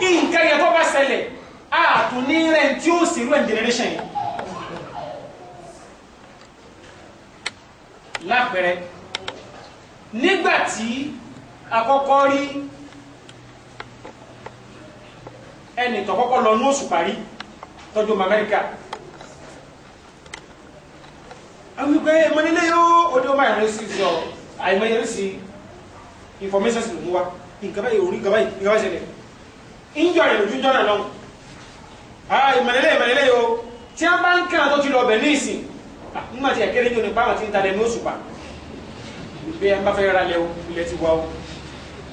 ni nǹkan yẹn tó bá ṣẹlẹ̀ ààtò ní rẹ̀ tí ó sì rẹ̀ generation yẹn lápẹẹrẹ nígbàtí àkọ́kọ́ rí ẹni tọ̀kọ́kọ́ lọ ní oṣù parí tọ́jú Amẹ́ríkà àwọn ìgbẹ́ ẹmọ nílé yóò odó máa rẹ̀ sí ìṣọ́ àìmọ́ ìyẹrí sí information sí ìlú wa nǹkan báyìí orí nǹkan báyìí nǹkan ńjọ rẹ̀ ojú jọ́nà lọ ah, ìmọ̀lẹ́lẹ́ ìmọ̀lẹ́lẹ́ yóò tí a bá ń kàn tó ti lọ bẹ̀ ní ìsìn ah, nígbà tí ẹ̀kẹ́rẹ́ ní onípa àwọn tí ń ta lẹ́nu òṣùpá bí ẹ bá fẹ́ ra lẹ́wọ́ ilẹ̀ ti wá o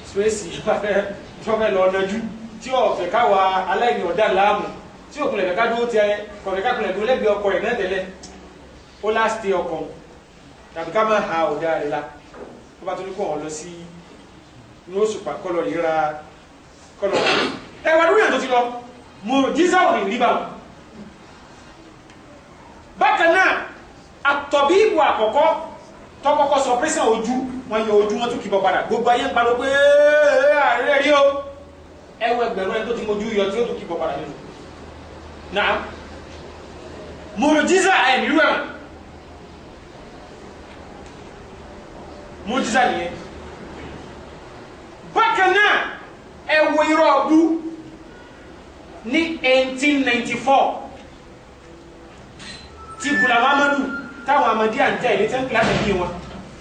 spéèsì bá fẹ́ tọ́fẹ́ lọ ọ̀nàjú tí ọ̀fẹ́ káwa aláìní ọ̀dà láàmú tí òkùnlẹ̀ fẹ́ ká dúró tẹ kọ̀fẹ́ ká kulẹ̀ dúró lẹ́gbẹ̀ẹ́ ọkọ rẹ̀ náà tẹ́lẹ̀ ó ọkọ̀ tàbí ká máa ha ọ̀dà rẹ̀ la ó bá tó ní kó lọ sí ní òṣùpá kọlọ̀ yíra kọlọ̀ yíra ẹwà lóyún àtúntí lọ mùjísà ò ní rí báwọn bákan náà àtọ̀bí ìbò àkọ́kọ́ tọ́kọ́kọ́ sọ pẹ́sẹ̀ ojú wọn yọ ojú wọn tún kìbọ̀ padà gbogbo ayé ń parọ́ pé ààrẹ rí o ẹwọ ẹgbẹ̀rún ẹni tó ti mojú yọ tí ó tún kìbọ̀ padà nínú náà mùjísà ẹ̀mí rẹ̀ mùjísà nìyẹn bákan náà ẹwọ irọ́ ọdún ní 1894 ti bùlàwọ́ amadu táwọn amadi à ń tẹ̀ ilé tẹ́ńpìlá tẹ̀lé wọn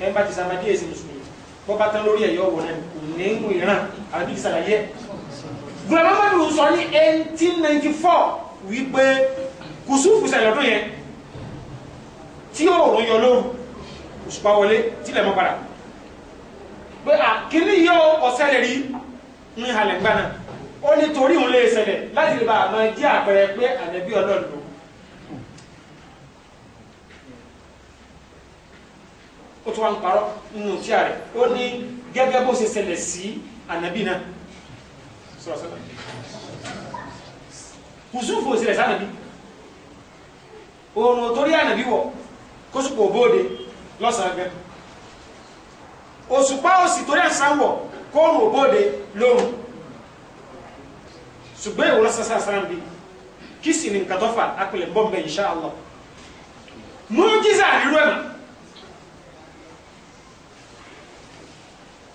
ẹ̀ ń bá ti sàmàdí èsì mùsùlùmí bọ́ba tán lórí ẹ̀yọ́ wọ̀ náà kò ní ń ìran àbí ìsàlàyé bùlàwọ́ amadu sọ ní 1894 wípé kùsùfù sẹ̀lẹ̀ ọdún yẹn tí òòrùn yọ lóru òṣùpá wọlé tílẹ̀ mọ́ padà pé àkíní yọ ọ̀sẹ̀ lè rí ń halẹ̀ gbà náà ó ní torí òun lè ṣẹlẹ̀ láti lè bá a máa jẹ́ àpẹẹrẹ pé ànábì ọlọ́run ló ó tún wá ń parọ́ nínú tí a rẹ̀ ó ní gẹ́gẹ́ bó ṣe ṣẹlẹ̀ sí ànábì náà sọ̀rọ̀ sọ́dọ̀ ṣẹlẹ̀ sánàbí oòrùn torí ànàbí wọ̀ kó sùpò bóde lọ́sàn-án gan òṣùpá òsì torí àṣà wọ̀ kó oòrùn bóde lóòrùn ṣùgbọ́n ìwòrán sasa sáran bi kí sì ni nǹkan tó fà apẹlẹ bọ́m̀bẹ̀ insha Allah mujiza àdúró ẹ̀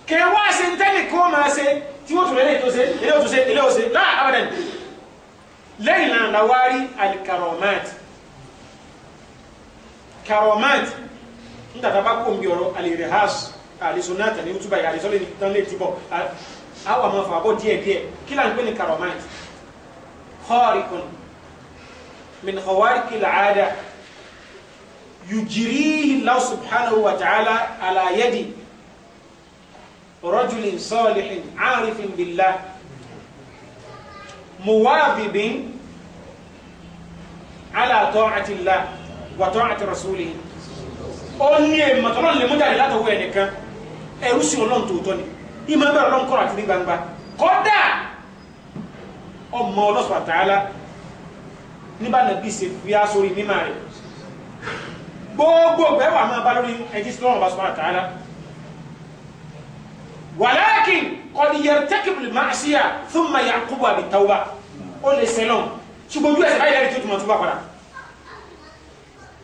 kẹwàá ṣe ń tẹ́lẹ̀ kó máa ṣe tí wọ́n tún lẹ́yìn tó ṣe ilé òtún ṣe ilé òṣè náà abadan lẹ́yìn náà la wá rí alikaromat karomat ń tàtà bá kó ń bí ọ̀rọ̀ alirehas alisunata ni utuba àdìsọ́lẹ̀ ní tán lè túbọ̀ àwọn àmọ́ fàbọ̀ díẹ̀díẹ̀ kí là ń pè ní karomat. خارق من خوارق العادة يجريه الله سبحانه وتعالى على يد رجل صالح عارف بالله مواظب على طاعة الله وطاعة رسوله ó ní èèmọ̀ tọ́lọ́ lè mú jáde látọwọ́ ẹnìkan ẹrú sí ọlọ́run tòótọ́ ni ìmọ̀ ẹgbẹ́ ọlọ́run ọmọ ọlọ́sùn àtàlá nígbà nàbí ṣe fi á sórí mímà rẹ̀ gbogbo bẹ́wà máa bá lórí ẹjí sí lọ́wọ́ ọlọ́sùn àtàlá wàláàkìn qad yartakibu al-ma'siya thumma ya'qubuha bit-tawbah ó lè ṣe lọ́n ṣùgbọ́n ojú ẹ̀sẹ̀ báyìí tó túnmọ̀ tó bá padà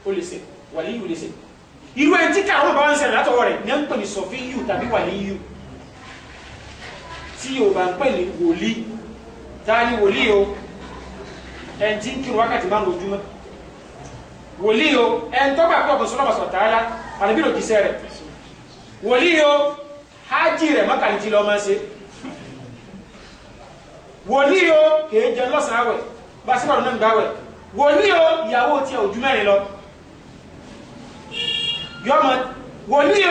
ó lè ṣe wàlíyù lè ṣe irú tí káwọn bá ń ṣẹlẹ̀ wòlíì ta ni wòlíì o ẹni tí ń kírun wákàtí máa ń lójúmọ́ wòlíì o ẹni tó gbà pé ọ̀bùn sọ́nà ọ̀sán tààlà àdébí ló jíṣẹ́ rẹ̀ wòlíì o hajj rẹ̀ mọ́kàlì ti lọ máa ṣe wòlíì o kèé jẹun lọ́sàn-án àwẹ̀ bá síbà lónà nígbà àwẹ̀ wòlíì o ìyàwó tiẹ̀ ojú mẹ́rin lọ yọmọ wòlíì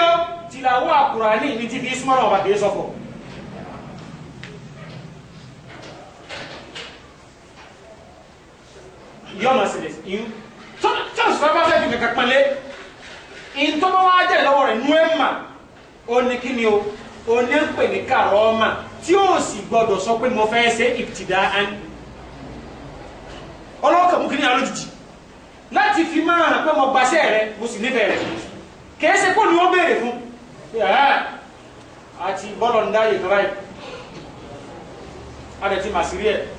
tìlàwó àkùrà ní ìní ti fi súnmọ́ náà ọba kìí sọ fún yọmọ sílẹ̀ ìhun tọ́lá sọ́kọ́ bá fẹ́ fi kankan pọ́nlé ìtọ́mọ́ wa jẹ́ lọ́wọ́ rẹ̀ nú ẹ̀ mà ó ní kí ni o ó ní ń pè ní kàrọ́ ọmà tí ó sì gbọ́dọ̀ sọ pé mo fẹ́ ṣe ìtìdá án ọlọ́wọ́ kàmú kí ni alójútì láti fi máa hàn pé mo gbaṣẹ́ rẹ mo sì nífẹ̀ẹ́ rẹ kìí ṣe kó ni wọ́n béèrè fún àti bọ́lọ̀ ń dáyè tó báyìí adẹ̀ ti mà ẹ̀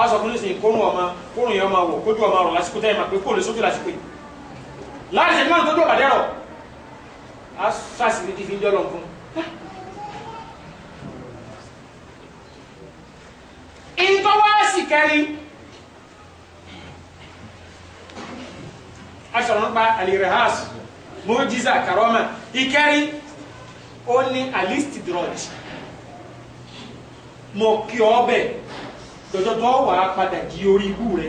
a sọ fún nísìnyí kórun ọmọ kórun yẹn ọmọ wọ kójú ọmọ ọrọ lásìkò tẹ́ ẹ máa pé kó lè sókè lásìkò yìí láti ṣe mọ́nà tó dùn ọ̀bàdẹ́ rọ̀ a sàṣìlẹ̀ ti fi ń jọ́ lọ́n fún. ìtọ́wọ́sì kẹrin a alirahas mojiza karoma ìkẹrin ó ní alistidraj mọ̀ kí jọjọ tó wà á padà di orí ibú rẹ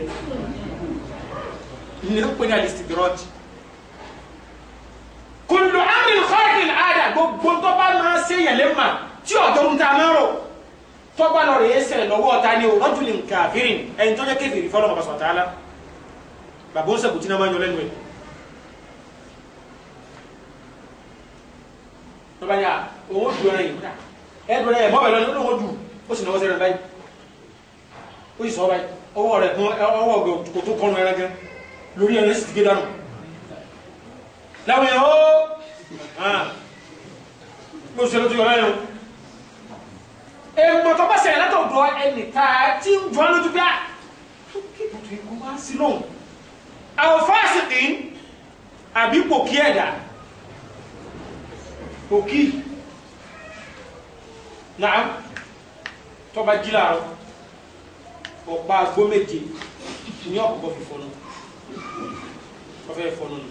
ní ó pè ní alistidirọ́tì kùlù amìn kọ́ọ̀kìn àdà gbogbo tó bá máa ṣe yẹn lè mà tí ọ̀dọ́ ń ta mọ́rọ̀ tọ́gbà lọ rèé ṣẹlẹ̀ lọ́wọ́ ọ̀tá ni o rọ́jùlì nkàfírìn ẹni tó jẹ́ kéfìrí fọlọ́mọ̀ bàṣọ tààlà bàbá ó sẹ̀kù tí náà máa yan lẹ́nu ẹ̀ tọ́ba ni à òun ó dùn ẹ̀rẹ̀ yìí ẹ̀dùn ẹ̀rẹ̀ mọ́bẹ̀ lọ́ni ó lóun ó dùn ó sì náwó sẹ́rẹ̀ báyìí ó sì sọ báyìí ọwọ́ rẹ̀ kún ọwọ́ kò tó kọrùn ẹran gan lórí ẹran sì ti gé dànù láwọn èèyàn ó bó ṣe ló ti yọ lẹ́yìn o èèmọ̀ tó bá ṣẹlẹ̀ látọ̀dọ̀ ẹnì ta tí ń jọ lójú bí a tó kí kò tó ikú wá sí lóhùn àwọn fáàsì kì í àbí pòkí ẹ̀dá pòkí náà tó jí láàárọ̀ ọ̀pá agbó méje ní ọ̀pọ̀ fi fọnù ọ̀fẹ́ fọnù nù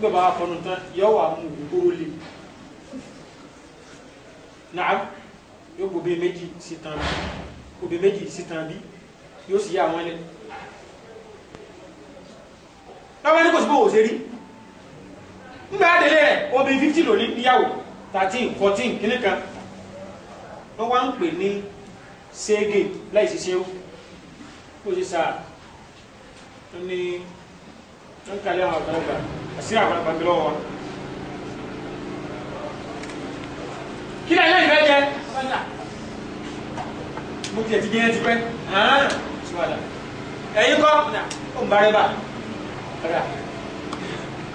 nígbà bá fọnù tán yọ wà mú òkúrò lè náà yóò gbòbe méjì sítan bí gbòbe méjì sítan bí yóò sì yá àwọn ẹlẹ táwọn ẹni kò sí bó wò ṣe rí nígbà àdélé rẹ obìnrin fifty lò ní níyàwó thirteen fourteen kìnnìkan wọn wá ń pè ní sége láì ṣiṣẹ́ ó kó ṣe sáà ó ní ó ń kalẹ̀ àwọn àgbàlagbà àṣírí àgbàlagbà ń lọ́wọ́ wa. kí ni ẹlẹ́yìn fẹ́ jẹ mo tiẹ̀ ti gbẹ́yẹn ti pẹ́ ẹ̀yin kọ́ ó ń bárẹ́ bá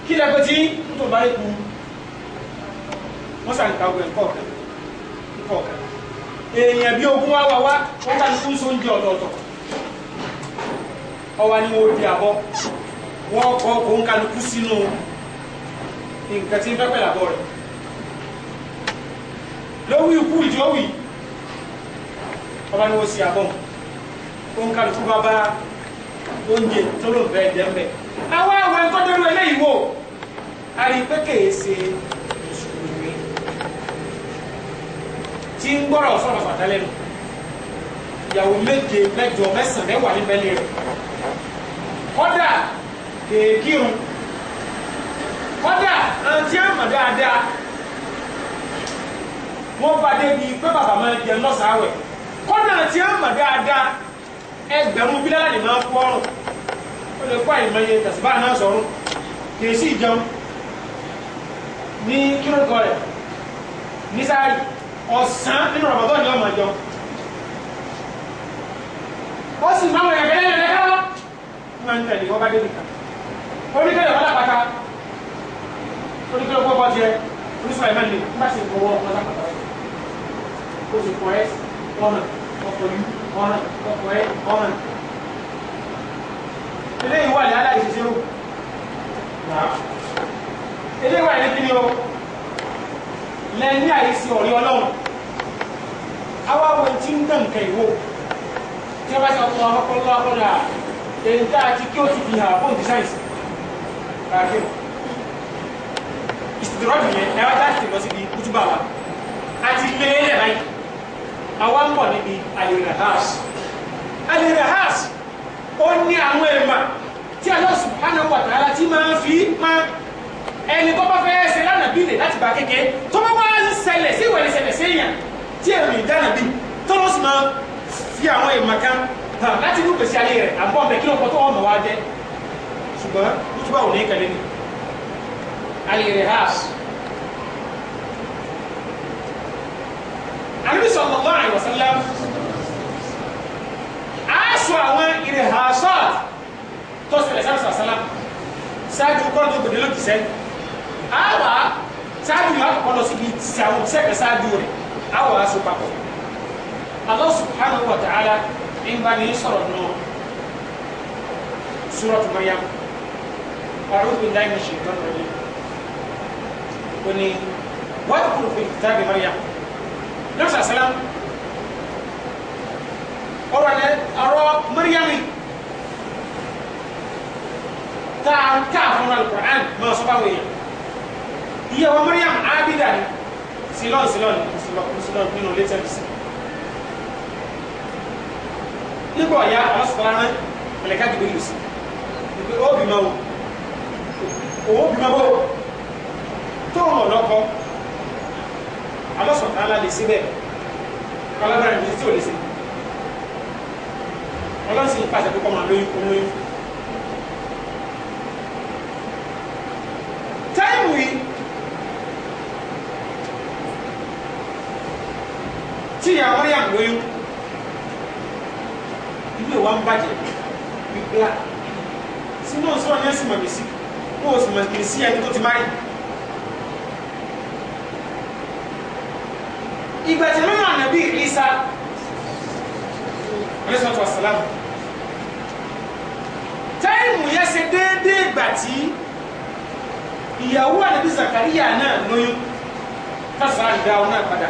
kí lẹ́kọ̀ọ́ tí ń tó bárẹ́ kú wọ́n sàn ń kàwé ńkọ̀ọ̀kan èèyàn bí ogún wá wá wá wọ́n ká lóko sọ oúnjẹ ọ̀tọ̀ọ̀tọ̀ ọwọ́ ni wọ́n di àbọ̀ wọ́n kọ́ kó ń kálukú sínú nǹkan tí ń fẹ́ pẹ̀lú àbọ̀ rẹ̀ lówí ikú ìjọ́wì ọba ni wọ́n si àbọ̀ ó ń kálukú bá bá oúnjẹ tó ló ń bẹ́ẹ̀ dẹ́mbẹ̀ àwa àwọn ẹ̀kọ́ tó ló eléyìí wò a rí i pé kèé ṣe tí ń gbọ́rọ̀ sọ̀rọ̀ bàtà lẹ́nu ìyàwó méje mẹ́jọ mẹ́sàn-án mẹ́wàá níbẹ̀ lé rẹ̀ kọ́dà kéèkìrún kọ́dà àti àmà dáadáa wọ́n bá débi pé bàbá máa jẹ lọ́sàáwẹ̀ kọ́dà àti àmà dáadáa ẹgbẹ̀rún bílá lè máa kú ọrùn ó lè kó àìmọye tàṣíbá náà sọ̀rọ̀ kèé sì jẹun ní kírọ̀kọ̀ rẹ̀ ní sáàyè ọ̀sán nínú Ramadan ni ọmọ ìjọ ó sì máa wọ̀nyẹ̀ kẹ́lẹ́ yẹn lẹ́kọ́ máa ń tẹ̀lé ọba débi kan oníkẹ́lẹ̀ ọba lápáta oníkẹ́lẹ̀ ọgbọ́n bọ́ tiẹ̀ oníṣòwò ẹ̀mẹ́ lè nígbà tí ìfowó ọmọ lápáta ó sì kọ ẹ́ ọ̀nà ọkọ̀ yìí ọ̀nà ọkọ̀ ẹ́ ọ̀nà eléyìí wà ní aláìsísẹ́ o eléyìí wà ní kíni o lẹ́ni àìsí ọ̀rí ọlọ́run awa wo ti ń dàn kẹ́ ìwò tí wọ́n bá ṣe ọkọ̀ ọkọ̀lọ́ ọkọ̀lọ́ èyí tá a ti kí ó ti fi hàn àbọ̀n ti sáyẹ̀sì kàkí ìsìtìrọ́dù yẹn ẹ̀rọ tá a ti lọ síbi kútúbà wa a ti lé e lẹ̀ báyìí àwa ń bọ̀ níbi alirahas alirahas ó ní àwọn èèmà tí Allah subhanahu wa ta'ala ti máa ń fi máa ẹni tó bá fẹ́ ṣe lánàá bí lè láti bá kékeré tó bá wá ń ṣẹlẹ̀ sí ìwẹ̀lẹ̀ ṣẹlẹ̀ sí èèyàn tí èrò ìdáná bí tó ló sì máa fi àwọn èèmọ̀ kan hàn láti inú gbèsè ayé rẹ̀ àbọ̀ ọ̀bẹ kí ló pọ̀ tó ọmọ wa jẹ́ ṣùgbọ́n kútùbà ò ní kẹlẹ́ ni alìrè haas àlùbí sallallahu alaihi wasallam aṣọ àwọn ìrè haasọ́ọ̀t tó ṣẹlẹ̀ sáà sàlám ṣáájú kọ́ńtò gbèdé lókìsẹ́yìn. Awa ṣáájú yìí àkọ́kọ́ lọ síbi tí àwọn òṣìṣẹ́ kan ṣáájú aṣọ papọ̀ Allah subhanahu wa ta'ala nígbà ní sọ̀rọ̀ náà suratu Maryam أعوذ بالله من الشيطان الرجيم وني واذكر في كتاب مريم النبي صلى الله عليه وسلم ọ̀rọ̀ lẹ ọ̀rọ̀ mẹríyàmì tá a ń ká fún alukur'an mọ sọfà wẹyẹ iye ọmọ Mariam abida ni silon silon silon nínú létí ẹbí sí nígbà ọ̀yá àwọn sọ̀rọ̀ rán mẹlẹ́ká gbé lù sí ìpè ó bímọ o òun bímọ o tó ń mọ̀ lọ́kọ́ alọ́sọ̀tà ńlá lè sí bẹ́ẹ̀ kọlábẹ́rẹ́ ní tí ò lè sí ọlọ́sìn pàṣẹ pé máa lóyún kó táìmù yìí tí ìyá Mariam lóyún ilé wa ń bàjẹ́ gbígbá ah, sínú ọ̀sán ọ̀nà ẹ̀sìn màmí sí kó o sì màmí sí ẹni tó ti máa yìí. ìgbà tí lọ́nà ànábì Ìsá alẹ́sọ̀tò àsàlámù táìmù yẹn ṣe déédéé ìgbà tí ìyàwó ànábì Zakariya náà lóyún tásán àgbà ọ náà padà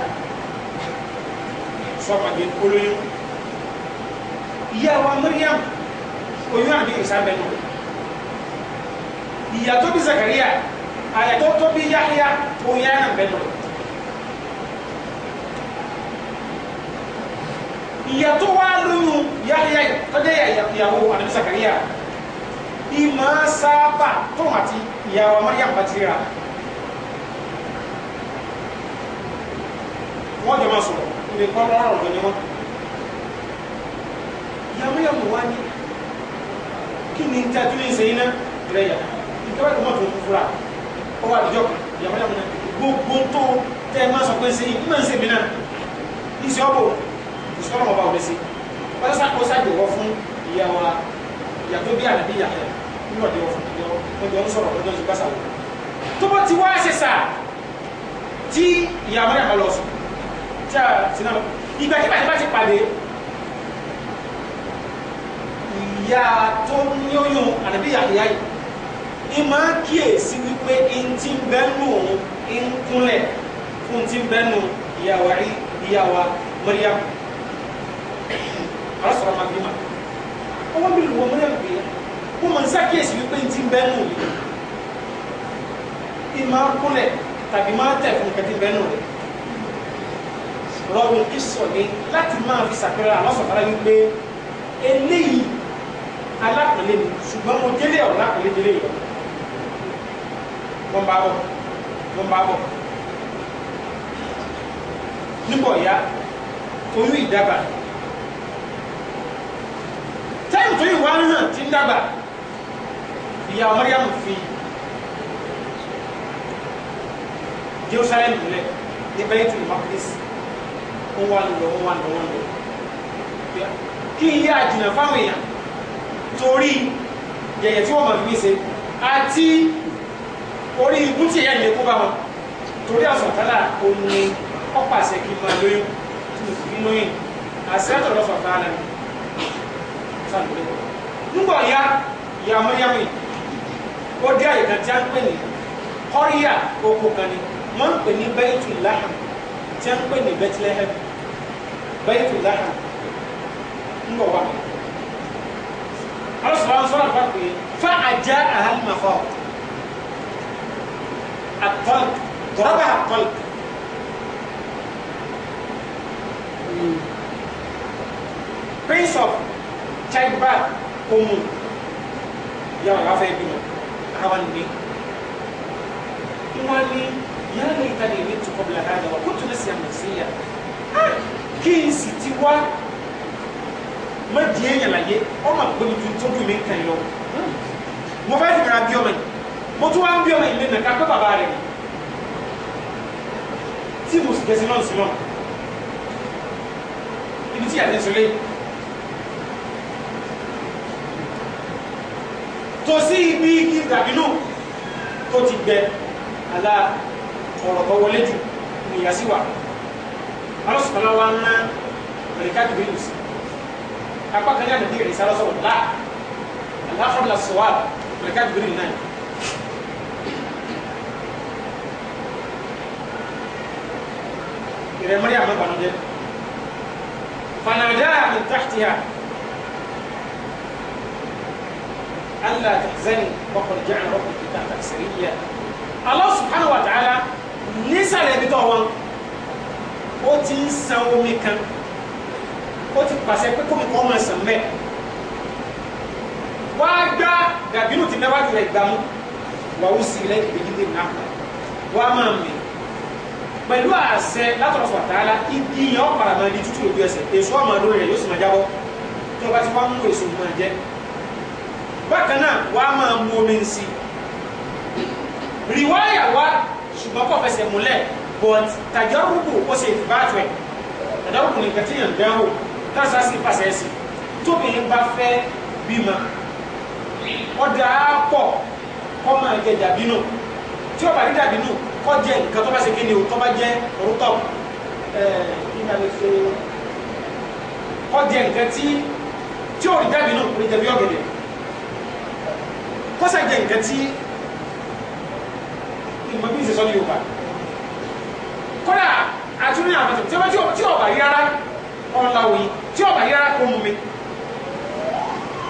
fọmọdé olóyún ìyá wa Mariam oyún àbí ìsàbẹ̀nù ìyá tó bí Zakaria àyà tó tó bí Yahya oyún àná bẹ̀nù ìyá tó wá lóyún Yahya tọ́jú ìyàwó àbí Zakaria ìmọ̀ sábà tó àti ìyá wa Mariam bá ti rà wọ́n jọ pé kọ́rọ́ ọ̀rọ̀ ló ní wọ́n. ìyàwó yàwó wá ní kí ni tí a tún lè ṣe iná rẹ̀ yà ìjọba ìlú mọ̀tò fúra ó wà àdìjọ́ ìyàwó yàwó náà gbogbo tó tẹ́ ẹ máa sọ pé ṣe ìdí máa ń ṣe mí náà iṣẹ́ ọ̀bọ̀ ìṣọ́rọ̀ ọba òde sí wọ́n sá kó sáàjọwọ́ fún ìyàwó ìyàtó bí àdàbí o nílọ̀dẹ̀ ọ̀fọ̀ o ń sọ̀rọ̀ o ìgbàsàwọ̀ tó bá ti wá ṣe sáà tí ìyàwó yàwó lọ sùn tí a ti náà ìgbà tí bàtí bá ti pàdé ìyá tó ní oyún àdàbí àyà yìí ìmọ̀ kíyèsí wípé ntí ń bẹ́nu òun ń kúnlẹ̀ fún ntí ń bẹ́nu ìyàwó rí ìyàwó Maryam alásọ̀rọ̀ máa bí ma ọwọ́ mi lù wọ́n Maryam gbé wọ́n mọ̀ nsá kíyèsí wípé ntí bẹ́nu ìmọ̀ kúnlẹ̀ tàbí máa tẹ̀ fún kẹ́tí bẹ́nu rẹ̀ rọrùn ìsọ̀ ni láti máa fi sàpẹ́rẹ́ àlọ́sọ̀tara yìí pé eléyìí alápẹ̀lẹ́ ni ṣùgbọ́n mo délé ọ̀rọ̀ lápẹ̀lẹ́ délé yìí wọ́n bá bọ̀ wọ́n bá bọ̀ nígbà ọ̀yá oyún ìdábà táìmù tó yìí wá ń hàn tí ń dábà ìyá Mariam fi Jerusalem lẹ ní Baitul Maqdis ó wà lọ ó wà lọ ó lọ kí n yá àjìnà fáwọn èèyàn torí yẹ̀yẹ̀ tí wọ́n mọ̀ fi mí ṣe àti orí ibú tí èèyàn lè kó bá wọn torí àsọ̀tálà òun ni ọ̀pàṣẹ kí n máa lóyún kí n lóyún àṣẹ́tọ̀ lọ́fà fáàlà nígbà ya ìyá mọ́yámì ó dé àyíká tí a ń pè ní kọ́ríyà oko ni wọ́n ń pè ní bẹ́ẹ̀tù láhàmù tí a ń pè ní Bethlehem bẹ́ẹ̀tù láhà ń bọ̀ wá ọlọ́sọ̀rọ̀ àwọn sọ́rọ̀ àpapọ̀ yìí fa àjá àhálùmáfọ́ àtọ́lù dọ́rọ́bà àtọ́lù. Prince of childbirth omu yàrá wàá bímọ àwọn ni wọ́n ní. يا ليتني مت قبل هذا وكنت نسيا نسيا kí n sì ti wá má di èèyàn láyé ọmọ àgbẹ̀mí tó ń tó dùn mí nǹkan yìí lọ mo fẹ́ fìkàrà bí ọmọ yìí mo tún wá ń bí ọmọ yìí lẹ́nu ká pé bàbá rẹ̀ tí mo sì kẹsí náà sí náà ibi tí àti ìṣẹ̀lẹ̀ igi dàbí náà tó ti gbẹ àlá. ọ̀rọ̀ tó wọlé jù ní ìyàsí wa alọ́sọ̀tàlá wa ń ná mẹ̀ríkàdì bílù sí apá kan ní àdàbí ìrìn sára sọ̀rọ̀ láà aláfọ̀lá sọ̀wá mẹ̀ríkàdì bílù náà ìrẹ̀ mọ́rí àmọ́ ìbànújẹ́ fanàdá àmì tàhtìyà ألا تحزني وقد جعل ربك تحتك سريا الله سبحانه وتعالى nísàlẹ̀ ibi tó wà o ti ń san omi kan ó ti pàṣẹ pé kómi kan máa sàn mẹ́ wá gbá dàbínú ti náwájú o gbàmú wà ó sì lẹ́yìn ìgbèjìdè náà wá máa mì pẹ̀lú àṣẹ látọ̀rọ̀ sọ̀tàlá igi yẹn ọ̀pàrà máa di tútù lójú ẹsẹ̀ èso ọmọ lórí rẹ̀ yóò sì máa jábọ́ tó bá ti wá mú èso máa jẹ bákan náà wá máa mú omi ń si rìwáyà ṣùgbọ́n kọ́ fẹsẹ̀ múlẹ̀ but tàjọ́rùbù ó ṣe ìfìbáàtọ̀ ẹ̀ tàjọ́rùbù ní nǹkan tí yàn dánwò tásà sí pàṣẹ sí tóbìnrin bá fẹ́ bímọ ọ̀dà á pọ̀ kọ́ máa jẹ tí ó bá rí dàbí nù kọ́ jẹ nǹkan tó bá ṣe kéde o tó bá jẹ orúkọ kọ́ tí tí ó rí dàbí nù kò ní jẹ bí ọ̀gẹ̀dẹ̀ ìmọ̀ bí ìṣẹ̀sọ́ ní yorùbá kódà àtúnyẹ àbàtọ̀ tí wọ́n tí ọba yára ọ̀la òyìn tí ọba yára kó mú mi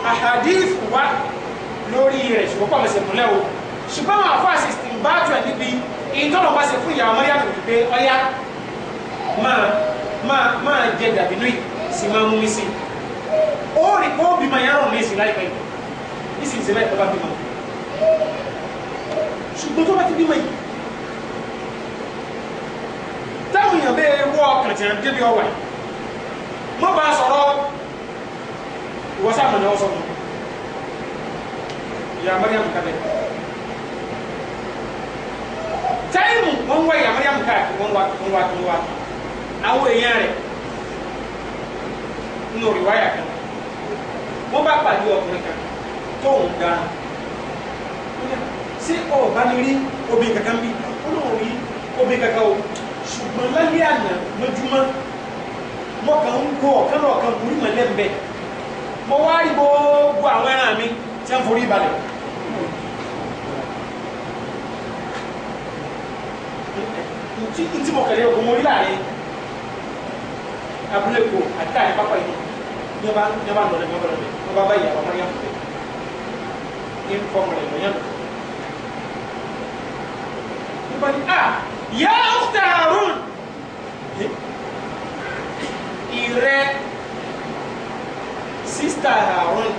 àhàdíf wa lórí rẹ̀ ṣùgbọ́n pọ̀ mẹsẹ̀ múlẹ̀ o ṣùgbọ́n àwọn afọ àṣìṣe ń bá tù ẹ̀ níbi ìtọ́nà wá sí fún ìyá ọmọ yàtọ̀ wípé ọyá máa máa máa jẹ dàbínú yìí sì máa mú mi sí ó rí kó bímọ yàrá òun ní ìsìn láìpẹ́ yìí ìsìn ìsìn bẹ́ẹ̀ tó bá bímọ ṣùgbọ́n tó bá ti bímọ yìí táwọn èèyàn bẹ́ẹ̀ wọ kìrìtìrì débi ọwà mọ́ bá sọ̀rọ̀ wọ́sàmù ni wọ́n sọ fún ìyá Mariam kalẹ̀ táìmù wọ́n wá ìyá Mariam káàkiri wọ́n wá wọ́n wá wọ́n wá àwọn èèyàn rẹ̀ nínú ìwáyà kan wọ́n bá pàdé ọkùnrin kan tóun gan se ọ̀bá ní rí obìnrin kankan bí olóòrùn rí obìnrin o ṣùgbọ́n lálẹ́ àná lójúmọ́ mo kàn ń wo ọ̀kan náà kan kúrú mọ́lẹ́ mbẹ́ mo wá rí gbogbo àwọn ẹran mi tí wọ́n forí balẹ̀. ntí mo kẹ̀lé ogun mo rí láàrin abúlé ko àti àyè pápá yìí ní ọba ní ọba nọlẹ ní ọba nọlẹ ọba báyìí àwọn ọmọ yẹn fún mi ní nkọ́ ìmọ̀ yẹn nù bá ní à yá ọ̀tà àrùn ìrẹ sísítà àrùn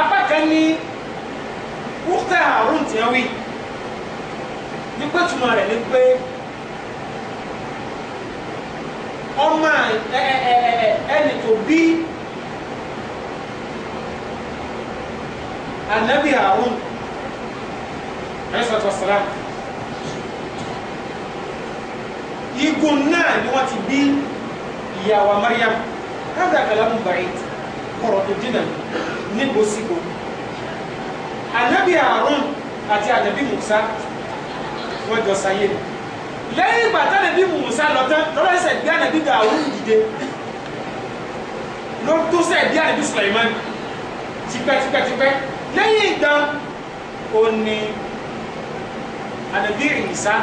apá Harun ní ọ̀tà àrùn tí wọ́n wí ní pé túmọ̀ rẹ̀ ni pé ọmọ eh, eh, eh, ẹni tó bí anabi àrùn alẹ́ sọ́tọ̀ sàlámù igun náà ni wọ́n ti bí ìyàwó Maryam káàdà kàlámù bàyìí ọ̀rọ̀ tó dínà nígbòsígbò ànábì Àárún àti ànábì Mùsá wọ́n jọ sáyé ni lẹ́yìn ìgbà tánàbí Mùsá lọ́tán lọ́rọ̀ ẹsẹ̀ gbé ànábì Dàúdù dìde ló tó sẹ̀ bí ànábì Sùlàímánì tipẹ́tipẹ́tipẹ́ lẹ́yìn ìgbà òní ànàbí ìrìnsá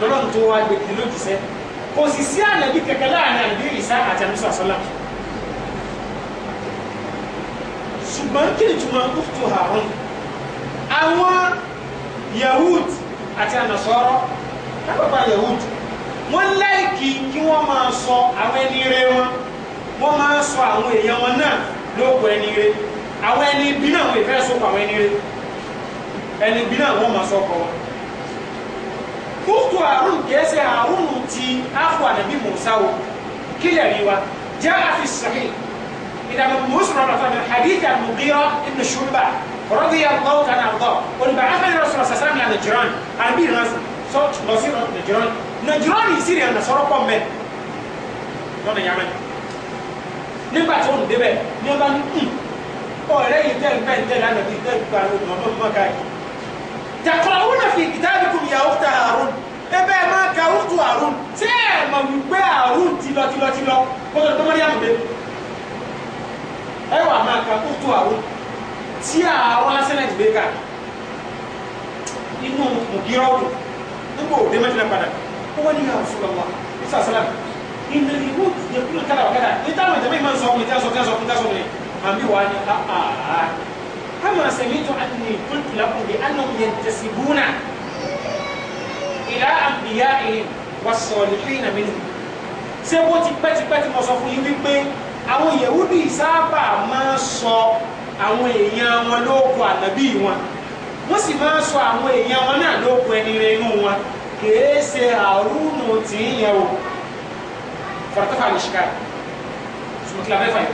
lọ́nà tó wá gbèdé lójúṣẹ́ kò sì sí ànàbí kẹ̀kẹ́ láàrin ànàbí ìrìnsá àti ànàbí sàṣọ́lá ṣùgbọ́n kí ni túmọ̀ uftu harun àwọn yahud àti ànàsọ́rọ́ lápapọ̀ yahud wọ́n láìkì kí wọ́n máa sọ àwọn ẹni rẹ wọn wọ́n máa sọ àwọn èèyàn wọn náà lóko ẹni rẹ àwọn ẹni bí náà wọ́n ìfẹ́ sọ́kọ̀ àwọn ẹni rẹ ẹni bí náà wọ́n máa sọ́kọ̀ wọn kúrútù àrùn gẹ̀ẹ́sẹ̀ àrùn ti áfù ànàbí mùsá o kílẹ̀ rí wa jẹ́ àfi sahih ìdààmú mùsùlùmí ọ̀rọ̀ fún mi hadith al-Mughira ibn Shu'ba رضي الله تعالى عنه قل بعثني الرسول صلى الله عليه وسلم الى نجران عن بير ناس صوت نصير نجران نجران يصير انا صار قوم من لون يعمل nígbà tó ń débẹ̀ ní ọba ní hmm, ọ̀rẹ́ yìí tẹ́ ń bẹ́ẹ̀ tẹ́lẹ̀ ànàbí tẹ́ ń gbà lónìí ọmọ mọ́ka yìí taqra'una fi kitabikum ya ukhta Harun ebe ẹ máa ka ukhtu Harun tí ẹ mọ̀ wípé Harun ti lọ ti lọ ti lọ kó tó tó mọ́rí àmì ẹ wà máa ka ukhtu Harun tí àwọn asẹ́nẹ̀tì gbé ká inú mùgírọ́ọ̀dù nígbà òde mẹ́tìlá padà ó wọ́n ní ya Rasulullah ìsàsílám ìnà ìlú ìdẹ́kùnrin kára wà kára ìtàwọn ìjọba ìmọ̀ nsọ́kùnrin tí a sọ tí a sọ tí a sọ nìyẹn àmì wà ní a كما سمعت أني قلت لكم بأنهم ينتسبون إلى أنبيائهم والصالحين منهم ṣé wọ́n ti pẹ́tipẹ́ tí mo sọ fún yín wípé àwọn yẹ̀wúdì sábà máa ń sọ àwọn èèyàn wọn lóko ànábì wọn wọ́n sì máa ń sọ àwọn èèyàn wọn náà lóko ẹni rẹ wọn kìí ṣe àrùnù tí o fọ̀rọ̀tọ́fà ní ṣìkà ṣùgbọ́n kí la yìí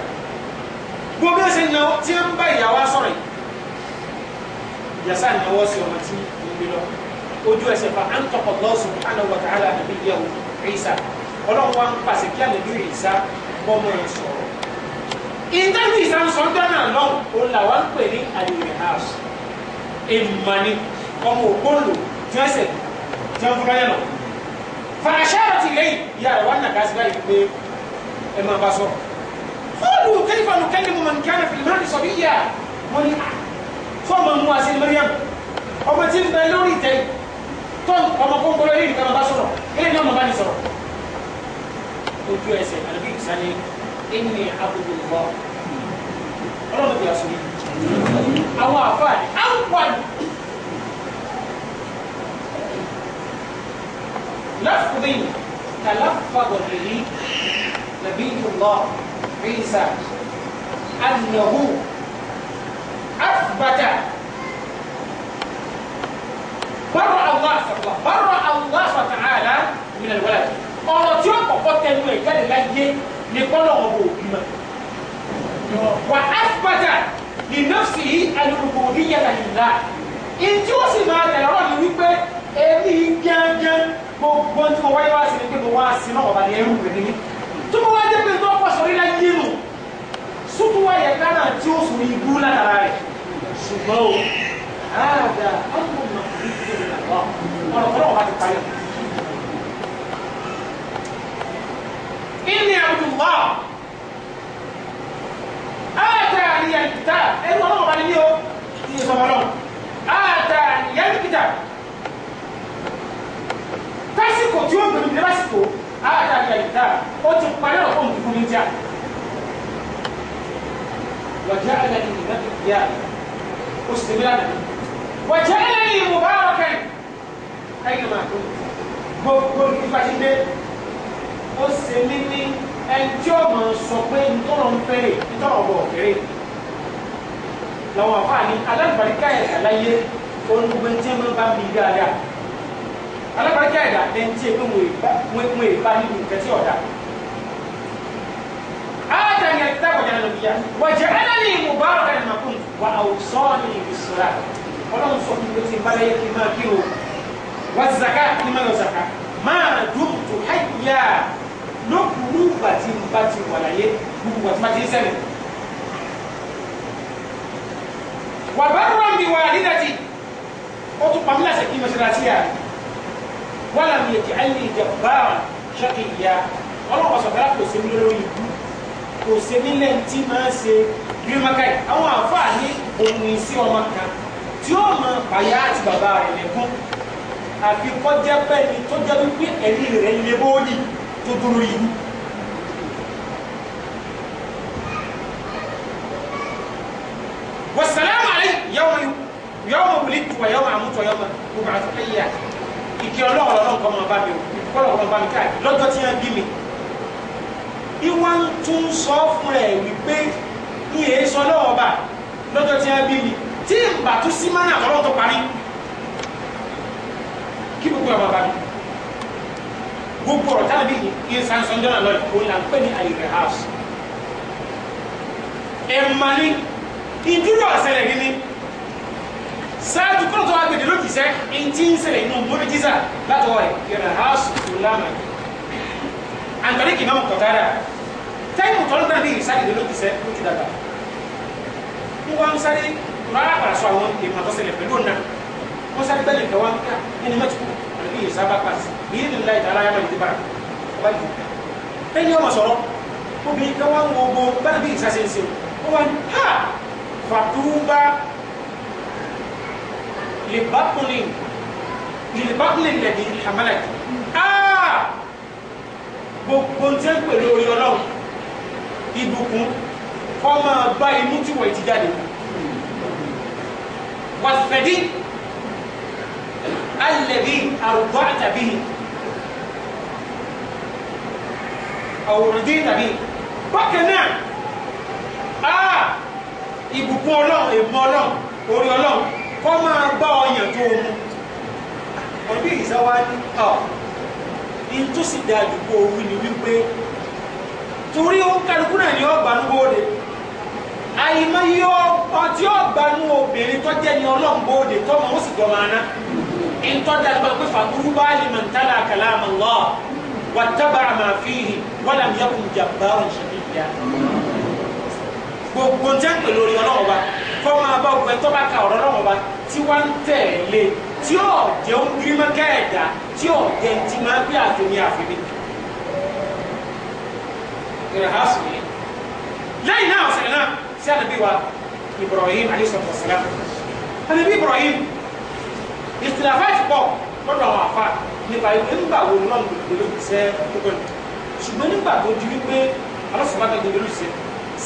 gbogbo ẹsẹ̀ náà tí ń bá ìyàwó sọ̀rọ̀ yìí yasa náwó sí ọmọ tí ó gbé lọ ojú ẹsẹ̀ fa à ń tọkọ Allah subhanahu wa ta'ala àbí yẹ wò Ìsá ọlọ́run wa ń pàṣẹ kí àlejò Ìsá bọ́mọ ẹ̀ sọ̀rọ̀ ìdáhùn Ìsá ń sọ dáná lọ́wọ́ òun làwọn ń pè ní àlèrè house ìmọ̀ni ọmọ ògbóǹlò tí wọ́n ṣẹ̀ tí wọ́n fúnra yẹn lọ fàṣẹ́rọ̀ ti lẹ́yìn ìyá rẹ̀ wọ́n nàka sí báyìí pé ẹ máa bá sọ fọ́ọ̀lù kẹ́lifọ̀nù kẹ́lifọ̀nù kẹ́lifọ̀nù kẹ́lifọ̀nù sọ fọ́ọ̀mù ọmọ àti Mariam ọmọ tí ń bẹ lórí ìtẹ́ tọ́n ọmọ kókó lórí ìtẹ́ bàbá sọ̀rọ̀ ilé náà bàbá ni sọ̀rọ̀ ojú ẹsẹ̀ àdàbí ìsàlẹ̀ ẹni àbùkù lọ ọlọ́run bí aṣọ yìí àwọn àfáà ni àwọn لفظي تلفظ به نبي الله عيسى أنه أثبت برأ الله الله برأ الله تعالى من الولد ọ̀rọ̀ tí ó kọ́kọ́ tẹnu ẹ̀ jáde láyé ni kọ́lọ̀ ọ̀bọ̀ òbí ma wà áfíbàtà ní nọ́ọ̀sì yìí alùpùpù níyàrá ìlà ìtí ó sì máa tẹ̀lé ọ̀rọ̀ mi wípé èmi gángan gbogbo tí mo wáyé wá sí ni pé mo wá sí náà ọ̀bà ní ẹrú rẹ̀ nílé tó mo wá dé pé tó pọ̀ sórí láyé nù súnmọ́ ẹ̀ka náà tí ó sùn ibú látara rẹ̀ ṣùgbọ́n o ààdà ọkùnrin náà kò ní kí ni àwọn ọ̀rọ̀ fọlọ́ wà ti parí. Inni Abdullah ààtà àníyàn kìtà ẹnu ọlọ́run wà nílé o ní ìsọmọlọ́ ààtà àníyàn kìtà tásìkò tí o gbèrú ní lásìkò ààtà àníyàn kìtà ó ti parí ọ̀pọ̀ nǹkan fún mi díà. وجعلني نبيا استمرانا وجعلني مباركا أينما كنت gbogbo nípa ṣídé ó ṣe mí ní ẹjọ́ ọmọ sọ pé ntọ́rọ̀ ń fẹ́rẹ̀ ntọ́rọ̀ ọ̀bọ̀ ọ̀kẹ́rẹ́ làwọn àfa ní alábàríkà ẹ̀dá láyé olùgbé tí wọ́n bá mi dáadáa alábàríkà ẹ̀dá ẹni tí èpè wọn èèbá nínú nǹkan tí ọ̀dà أن يتقى وجعل نبيا وجعلني مباركا لما كنت وأوصاني بالصلاة ولو صحبت بلايك ما كيرو والزكاة لما لو زكاة ما دمت حيا لقلوبة باتي ولا يد ما تنسني وبرا بوالدتي وتبقى ملا سكي مسراتيا ولم يجعلني جبارا شقيا ولو أصبحت لسنين kò ṣe nílẹ̀ tí máa ṣe gírímọ́kà yìí àwọn àfáà ní ohun ìsí ọmọ kan tí ó mọ bàyá àti bàbá rẹ̀ lẹ́kún àfi kọjá pẹ́ni tó jẹ́ wípé ẹ̀rí rẹ̀ lé bóòlì tó dúró yìí. wasalaamu alaykum yawma yawma wulidtu wa yawma amutu wa yawma ub'athu hayya ìkẹ́ ọlọ́run ọlọ́run kọ́ ọmọ bá mi o kọ́ ọlọ́run ọmọ bá mi káàkiri lọ́jọ́ tí wọ́n bí mi ìwọ́n tún sọ fún rẹ̀ wípé ní èso lọ́wọ́ bá lọ́jọ́ tí a bí mi tí n bà tún sí mánà àtọ́rọ́ tó parí kí gbogbo ọmọ bá mi gbogbo ọ̀rọ̀ tá a bí yìí ń san sọ́njọ́ náà lọ́yìn òun là ń pè ní àyèrè house ẹ̀ma ní ìdúró ọ̀sẹ̀lẹ̀ ní ní sáájú kọ́ńtò agbèdè lókìsẹ́ ntí ń ṣẹlẹ̀ inú mọ́rẹ́jísà látọ̀ rẹ̀ yẹ̀rẹ̀ house tó lámàá àǹtọ̀rí kì máa mọ̀ kọ̀tà rà tẹ́yìn mọ̀tọ́ ló gbàgbé ìsáyìí lójú sẹ́ lójú dàgbà ń wá ń sáré rárá padà sọ àwọn èèmọ̀ tó ṣẹlẹ̀ pẹ̀lú ọ̀nà wọ́n sáré gbẹ́lẹ̀ ìtọ́wá ń ká nínú mẹ́tìkù àbí ìsábà pàṣẹ bíi nílá ìtara yàrá ìdí bára ọba yìí ẹni ọmọ sọ̀rọ̀ obìnrin kan wá ń wo gbogbo gbàdá bí ìsá ṣe ń ṣe ó wá ní ha fàtúbà lè bá kùnrin lè bá kùnrin lẹ́bi hamalaki ah gbogbo tí ń pè lórí ọlọ́run ìbùkún kọ́ máa bá imú tí wọ̀ ẹ̀ ti jáde wàfẹ̀dí alẹ́bí àrùbọ́ àtàbí àwòrán dín tàbí bákan náà áà ah, ìbùkún ọlọ́run èèmọ̀ ọlọ́run orí ọlọ́run kọ́ máa gbá ọyàn tó o ọdún ìsáwá ọ̀ tó sì da àdúgbò wí ni wípé torí ó kálukú náà ni ó gbanúgbó de àyìnbó yọ ọtí ó gbanú obìnrin tó jẹ́ ni ọlọ́ngbó de tọ́mọ ó sì dọ̀mọ aná ntọ́da ló máa pé fàkúrú bá lè máa ń tálà kalam Allah wàtábà àmàfíhì wàlámiyàkùn jàmbá òṣèlú ìyá gbogbo ń tẹ́ pè lórí ọlọ́run wa kọ́ máa bá ọgbẹ́ tó bá ka ọ̀rọ̀ ọlọ́run wa tí wá ń tẹ̀lé tí ò jẹ́ ń gírímọ́ kẹ́ẹ̀dá tí ò jẹ́ ti máa gbé àfimi àfimi. lẹ́yìn náà ọ̀sẹ̀ náà sí àdàbí wa Ibrahim alayhisalatu wasalam àdàbí Ibrahim ìtìláfà ti pọ̀ lọ́dọ̀ àwọn àfa nípa nígbà wo náà lòlù sẹ́ kókó ṣùgbọ́n nígbà tó di wípé alọ́sọ̀bá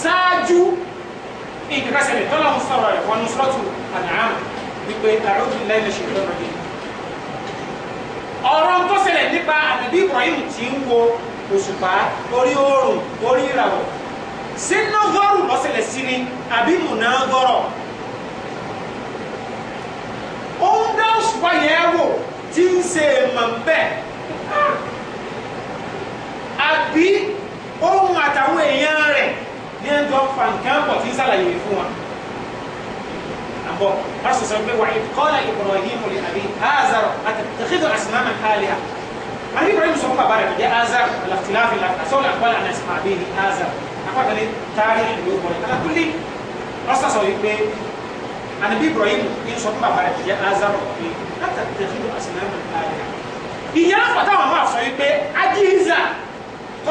ṣáájú nǹkan ká ṣẹlẹ̀ tọ́lá ń sọ̀rọ̀ rẹ̀ wọnú sọ́ọ̀tù àdáhàn wípé àròjù lẹ́nu ṣe lọ́nà yìí ọ̀rọ̀ tó ṣẹlẹ̀ nípa àbíbí Ibrahim tí ń wo òṣùpá orí oòrùn orí ìràwọ̀ ṣé nọ́gọ́rù lọ́sẹ̀lẹ̀ sí ni àbí mùnágọ́rọ̀ ó ń dá òṣùpá yẹn wò tí ń ṣe mọ̀ ń bẹ̀ àbí ohun àtàwọn èèyàn rẹ̀ ní ẹ̀ ń tọ́ fa nǹkan pọ̀ tí ń sàlàyé fún wa àbọ̀ pásítọ̀ sọ pé wàá kọ́lá Ibrahim lè àbí azar àtẹ̀kẹ́dù àsìlámà káàlíà àbí Ibrahim sọ fún bàbá rẹ̀ jẹ́ azar alàfitìláfi àsọ́lá àgbàlá àná ìsìnkú àbí ni azar àpàtàlẹ́ tààrí ìlú bọ̀lẹ̀ alákùnlé pásítọ̀ sọ wípé ànàbí Ibrahim ń sọ fún bàbá rẹ̀ jẹ́ azar pé àtẹ̀kẹ́dù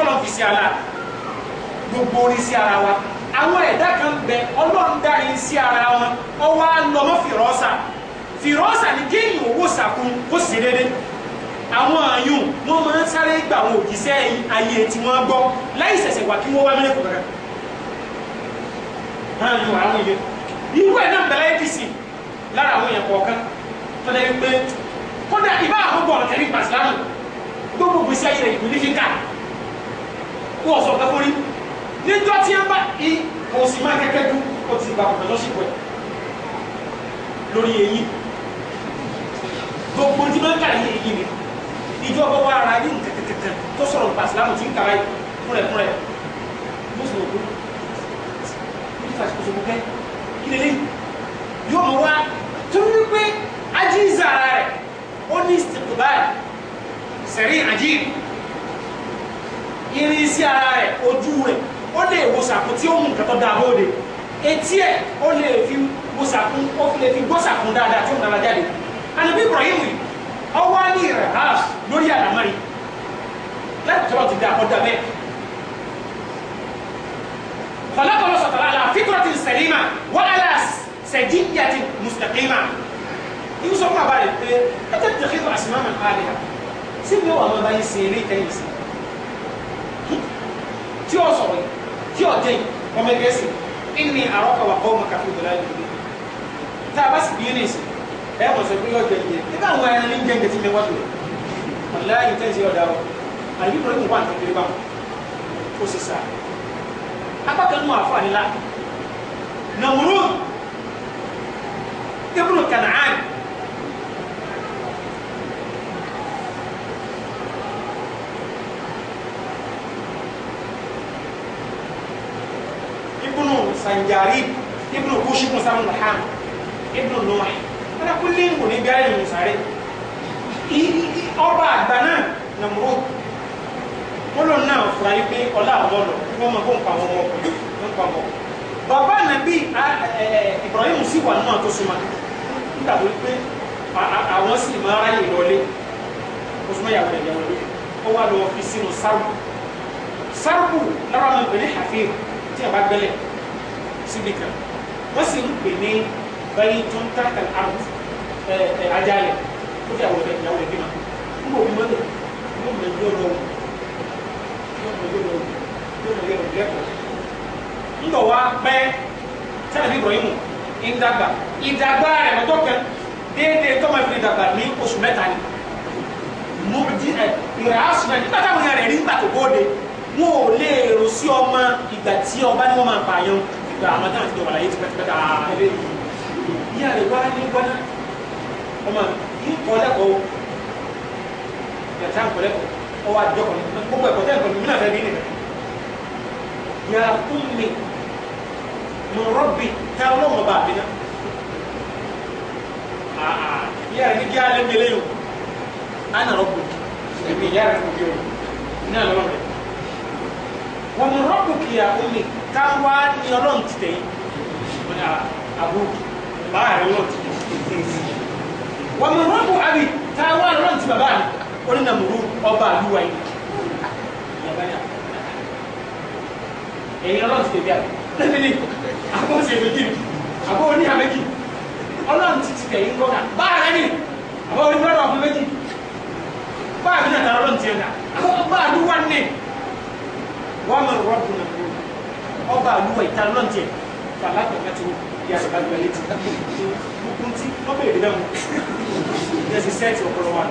àsìlámà gbogbo orin sí ara wa àwọn ẹ̀dá kan bẹ ọlọ́run dárin sí ara wọn ọwọ́ alọ́mọ fìrọ́sà fìrọ́sà ni kéèyàn owó sàkún kó sì dédé àwọn àyùn wọn máa ń sáré gba àwọn òjíṣẹ́ ayé tí wọ́n gbọ́ láì ṣẹ̀ṣẹ̀ wà kí wọ́n wá mílẹ̀ kọ̀ọ̀kan hàn wà àwọn yẹn irú ẹ̀ náà bẹ̀rẹ̀ apc lára àwọn èèyàn kọ̀ọ̀kan tó dẹ́ pé kódà ìbá àwọn bọ̀ọ̀lù tẹ̀lé ìgbà ìsìlámù gbogbo gbèsè ayé rẹ̀ ìgbìlẹ̀ fi ká kó ọ̀sọ̀ kẹfọ́rí níjọ́ tí a bá i kò sì máa kẹ́kẹ́ dún ó ti gba ọ̀pẹ̀ lọ́sìkò ẹ̀ lórí eyín gbogbo tí máa ń kà yí eyín ni ìjọ ọgbọ́n wa ara yín kẹ̀kẹ̀kẹ̀ tó sọ̀rọ̀ nípa ìsìlámù tí ń kàrá yìí kúrẹ̀kúrẹ̀ mùsùlùmí òkú ní fàṣíkòṣò gbogbo ẹ̀ kí lélẹ́yìn yóò mọ̀ wá torí wípé ajíza ara rẹ̀ ó ní ìsìnkúbáyì sẹ̀rí àjíì irin sí ara rẹ̀ ojú rẹ̀ ó lè wo sàkún tí ó mú nǹkan tó dáa bóde etí ẹ̀ ó lè fi wo sàkún ó fi lè fi gbọ́ sàkún dáadáa tí ó ń dára jáde ànábì Ibrahim yìí ọwọ́ ní ìrẹ̀ ha lórí àlámọ́rí láti tọ́lọ̀ ti dá ọjà bẹ́ẹ̀ kọ̀lákọ̀lọ́ sọ̀tàlá àlà fitratin salima wa ala sajiddatin mustaqima ibi sọ fún àbáyé pé ẹ̀tẹ́ tẹ̀lé fún àsìmáàmù àlẹ́yà sí mi ò wà máa bá yín sí eré tẹ́yìn sí tí ó sọ̀rọ̀ yìí tí ọ̀jẹ̀ yìí ọmọ ẹgbẹ́ sí ìní àrọ́kọ̀ wà kọ́ ọmọ kàfé ìdọ̀lá yìí lóde tá a bá sì bíyẹn nìyẹn ẹ mọ̀ sọ pé ọ̀jẹ̀ yìí nígbà àwọn ẹran ní jẹ́ nǹkan tí mi wá lò ọ̀lá yìí tẹ́ ṣe ọ̀dà wọn àyè ìbúrò ìwà nǹkan kiri bá wọn ó sì sá apá kan nù àfọ ànílá nàmúrú ibùdó kànáà jarib ibnu kushi kun samu ham ibnu nuhi wọn kò lé nkùn níbi ayé ìrìn sáré ọba àgbà náà nàmúrò wọn lọ náà fura yìí pé ọlá àwọn lọ wọn máa kó nǹkan àwọn ọmọ ọkùnrin wọn pa ọmọ bàbá nàbí Ibrahim sì wà nínú àtúnṣuma nígbà tó pé àwọn sì máa ráyè lọlé osùnmọ́ ìyàwó rẹ̀ yàwó lórí ó wà lọ fi sínú sáàbù sáàbù lára àwọn ìpínlẹ̀ àfihàn síbi kan wọ́n sì ń pè ní báyìí tó ń tàkà àrùn ajálẹ̀ ó fi àwọn ìyàwó ẹbí máa ń bò wọ́n lò wọ́n mọ̀ ẹgbẹ́ ọ̀dọ́ wọn wọ́n mọ̀ ẹgbẹ́ ọ̀dọ́ wọn wọ́n mọ̀ ẹgbẹ́ ọ̀dọ́ wọn. ń bọ̀ wá pẹ́ sábà bíbọ̀ yín mu ìdàgbà ìdàgbà rẹ̀ mọ́tọ́ kan déédéé tó máa fi ìdàgbà ní oṣù mẹ́ta ni mo di ẹ ìràásùn náà nígbà táwọn èèyàn rẹ̀ rí nígbà tó bóde wọn ò lè rò sí ọmọ ìgbà tí ọba ni wọ́n máa pààyàn gba àwọn táwọn ti dọ̀wọ̀ láyé tipẹ́tipẹ́ta ilé yìí ìyá rẹ̀ wá ní wọ́n ọmọ yìí kọ́ lẹ́kọ̀ọ́ yàtá ń kọ́ lẹ́kọ̀ọ́ ọ wá jọ kọ́ni gbogbo ẹ̀kọ́ tẹ́ ẹ̀kọ́ mímúnà fẹ́ bí nìkan yà fún mi mo rọ́bì tá ọlọ́wọ́ bá mi náà ìyá rẹ̀ ní kí á lé mi léyìn o á nà rọ́bù èmi ìyá rẹ̀ kò wọ́n mi rọ́pù kìyà omi ká wá ní ọlọ́run ti tẹ̀yìn abu ní àbú báà rẹ̀ wọ́n ti wọ́n mi rọ́pù àbí ká wá ọlọ́run ti bàbá mi ó ní nàmúrú ọba àlúwa yìí ẹ̀yin ọlọ́run ti tẹ̀yìn lẹ́mi ní àbọ̀sẹ̀ méjì àbọ̀ oníhà méjì ọlọ́run ti tẹ̀yìn kọ́ka báà rẹ̀ ní àbọ̀ oníhà méjì. ta lọ́n tiẹ̀ fàlà kẹ̀kẹ́ tó di àṣàkà gbẹ létí kúkún tí wọ́n bèèrè bẹ́ẹ̀ mu yẹ sì sẹ́ẹ̀tì ọ̀pọ̀lọ wa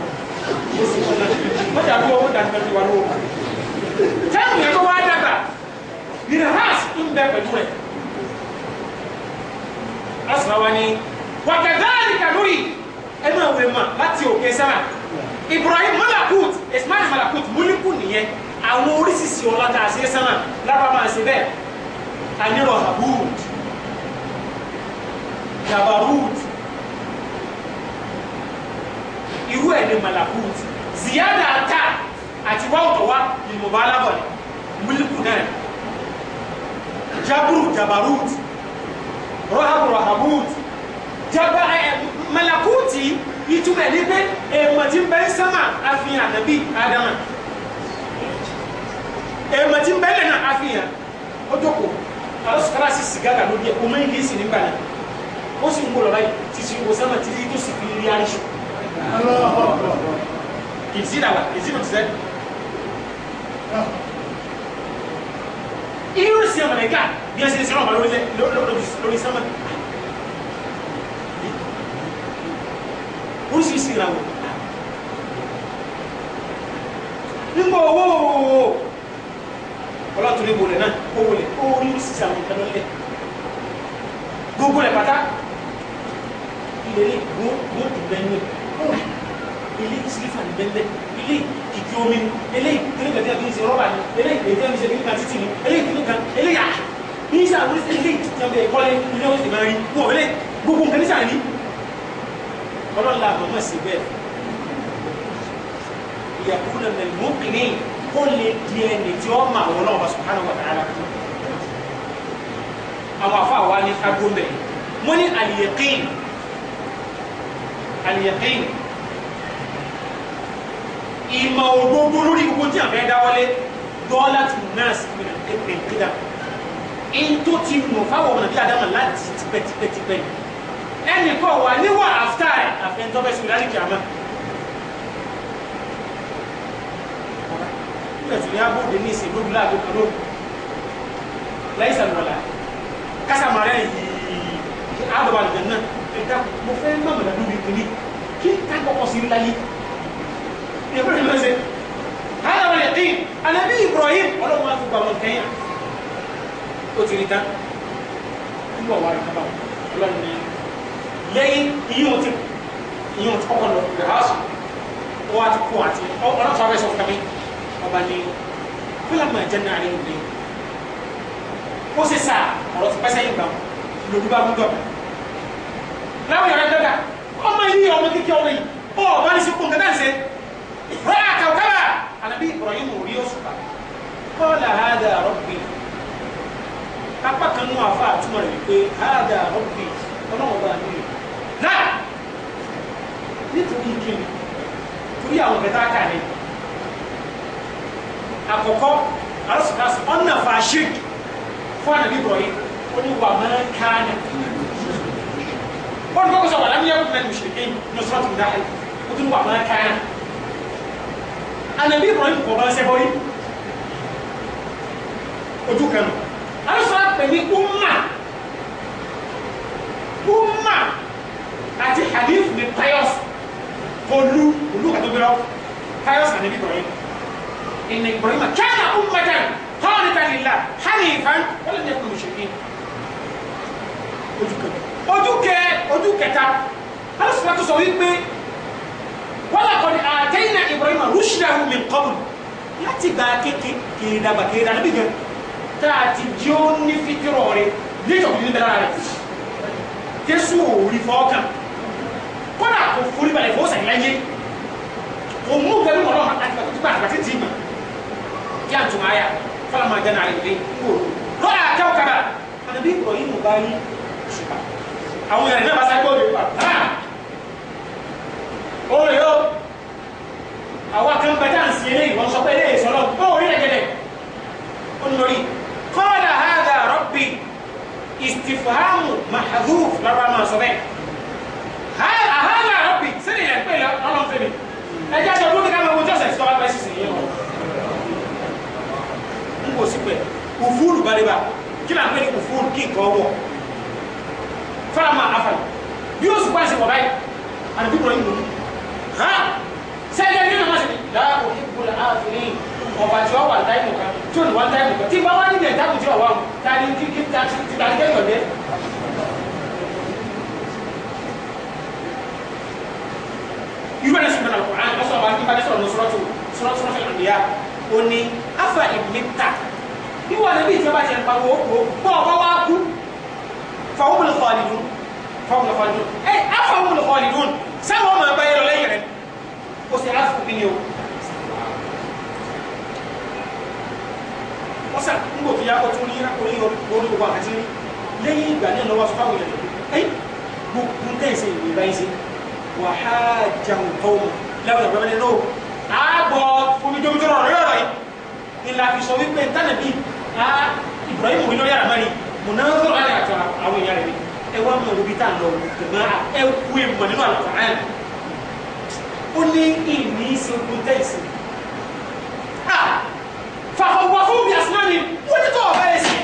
yẹ láti òkè sára Ibrahim malakut Ismail malakut múlíkù nìyẹn àwọn oríṣiríṣi ọlá tá a ṣe é sára lábàá máa ṣe bẹ́ẹ̀ ani rahabut jabarut irú ẹ̀ ni malakut ziyada ta àti wáwù tó wá ìmọ̀bá alábọ̀lẹ̀ mílíkù jaburu jabarut rahabu rahabut jaba ẹ̀ malakuti ìtumọ̀ ẹ̀ ní pé èèmọ̀ tí ń bẹ ń sánmà àfihàn ànábì ádámà èèmọ̀ tí ń bẹ lẹ́nà àfihàn ó jókòó alọ́sọ̀kárà sì sì gàgà lórí ẹ̀ kò mọ ingilisi nígbà yẹn ó sì ń gbọ́ lọ́la yìí títí wo sáma títí tó sì fi rí aṣọ. ìtì dàgbà ìtì tó ti sẹ́. irú sí ọmọ nàìjíríà bí ẹ ṣe ń sọ ọmọ lórí lórí sáma. oríṣiríṣi ìràwọ̀. ń bọ̀ owó ọlọ́run torí ìbòlẹ̀ náà ó wọlé ó rí sísè àwọn ìkan lọ́lẹ̀ gbogbo rẹ̀ pátá ilé ilé gbó gbó ìbẹ́ni ilé sílífà ní bẹ́ńbẹ́ ilé kìkì omi ni ilé ìkíni kan tí a fi ń ṣe rọ́bà ni ilé ìkíni tí a fi ń ṣe kíni kan títì ni ilé ìkíni kan ilé yà ní sáà wọ́n ṣe ilé tí a fi kọ́lé ilé wọ́n ṣe máa rí wọ́n gbogbo nǹkan ní sáà ní. ọlọ́run la àbọ̀ mọ̀ sí bẹ́ẹ̀ kó lè di ẹni tí ó mà wọn náà subhanahu wa ta'ala àwọn afa wa ni agbóhùnbẹ mo ní al-yaqin al-yaqin ìmọ̀ òdodo lórí gbogbo tí àmì ẹ̀dá wọlé dọ́là tù nọ́ọ̀sì pẹ̀lú ìpínlẹ̀ ètò ti mọ̀ fáwọn ọmọ nàbí adama láti tipẹ́tipẹ́tipẹ́ ẹnì kan wà níwà after àfẹ́ntọ́fẹ́sì rẹ̀ lálẹ́ kìámà. nígbà tí yàgò dé ní ìsìn lójú láàbò kan lóhùn láì sàlùwàlà kásámàrà yìí àdọ̀bà nìkan náà ẹ̀dá mo fẹ́ mọ̀mọ́dá lóbi kìíní kí kákọ́kọ́ sí láyé ìyàbọ̀ rẹ̀ lọ́sẹ̀ hàlà wà lẹ́tí anabi Ibrahim ọlọ́run máa fi gbà wọn kẹ́yìn ó ti rí tán nígbà wà rí tábà ọlọ́run ní lẹ́yìn iyún ti iyún ti kọ́kọ́ lọ rẹ̀ hásù ó wá ti kú àti ọlọ́run sọ fẹ́ sọ fún mi ọba ní fúlàmù àjẹnà rẹ òde ó sì sà ọ̀rọ̀ ti pẹ́sẹ́ yìí gbà lòdù bá gbúdọ̀ láwọn yàrá dọ́gà ọmọ yìí ọmọ kékeré ọmọ yìí ó ọba ní sípò nǹkan dáǹsẹ̀ rà kàwkàwà ànábì Ibrahim rí òṣùpá kọ́ọ̀là hádà rọ́bì apá kan nù àfa àtúmọ̀ rẹ̀ wípé hádà rọ́bì ọlọ́wọ́n bá mi rè náà nítorí kíni torí àwọn kẹta kà ní àkọ́kọ́ alásùkásù ọ̀nà fàṣík fún ànàbí Ibrahim ó ní wà máa ń kánà ó ní kókó sọ wà lámúyá kó mẹ́rin òṣèké ní ọ̀sán tó dáhẹ́ ó tún wà máa kánà ànàbí Ibrahim kò máa ń sẹ́bọ́ yìí ojú kan nù alásùkásù àpè ní umma umma àti hadith ní tayos olú olú kàtó gbéra tayos ànàbí Ibrahim. إن إبراهيم كان أمة قانتا لله حنيفا ولم يكن مشركين ojú kẹ ojú kẹta alùsùnà tó sọ wípé wọn làkọ ni àtẹyìnà Ibrahim rushdahu min qabl láti gba kéèké kéè dàgbà kéè dàgbà níbi gan tá a ti jí ó ní fíkìrọ̀ rẹ léjọ̀ kìíní bẹ̀rẹ̀ rẹ Jésù ò rí fọ́ọ̀kan kọ́nà kò forí balẹ̀ fọ́ọ̀sẹ̀ láyé kò mú gbẹ́rù mọ́ náà àti àtúntò àgbà títì ìgbà ya tuma ya fala ma jana ayi bi ko ko a kaw kaba ana bi ko yin ba yi suka àwọn yana ba sa ko de pa ha o le o àwa kan ba tan si ele wọ́n sọ pé ele so lo o ri na jele on lori qala hadha rabbi istifhamu mahdhuf la ma so be ha hadha rabbi sire pa wo wo bọ́ ọ bá wá kú fọwọ́ mi lè fọ́ àlìdún fọwọ́ mi lè fọ́ àlìdún ẹ afọwọ́ mi lè fọ́ àlìdún sáwọn ọmọ ẹgbẹ́ yẹn lọ lẹ́yìn rẹ o sì aláfọ mi ni o. wọ́n sà ń gbòkì ya ọtún ní orí orí gbogbo àkàtì lẹ́yìn ìgbà náà lọ́wọ́ fún àwọn èèyàn ẹ gbogbo tẹ̀sí ìgbà yìí sí wàhálà jẹun tọ́wọ́ lẹ́wọ̀n ìgbà bẹ́ẹ̀ náà àbọ̀ omi jomitọ́rọ̀ rẹ̀ rẹ̀ yìí ìlà fi sọ wípé tánàbí a Ibrahim mi lọ́yà àmàlì mo náà ń sọ̀rọ̀ àyàtọ̀ àwọn èèyàn rẹ̀ ẹ wá mọ̀ níbi tá à ń lọ gbọ̀ngàn ẹ kú èèmọ̀ nínú àlùkò àyàn ó ní ìní ìṣègùn tẹ̀sí fàfọwọ́ fún bí asúná ni wọ́n ní tó ọ̀bẹ yẹn sí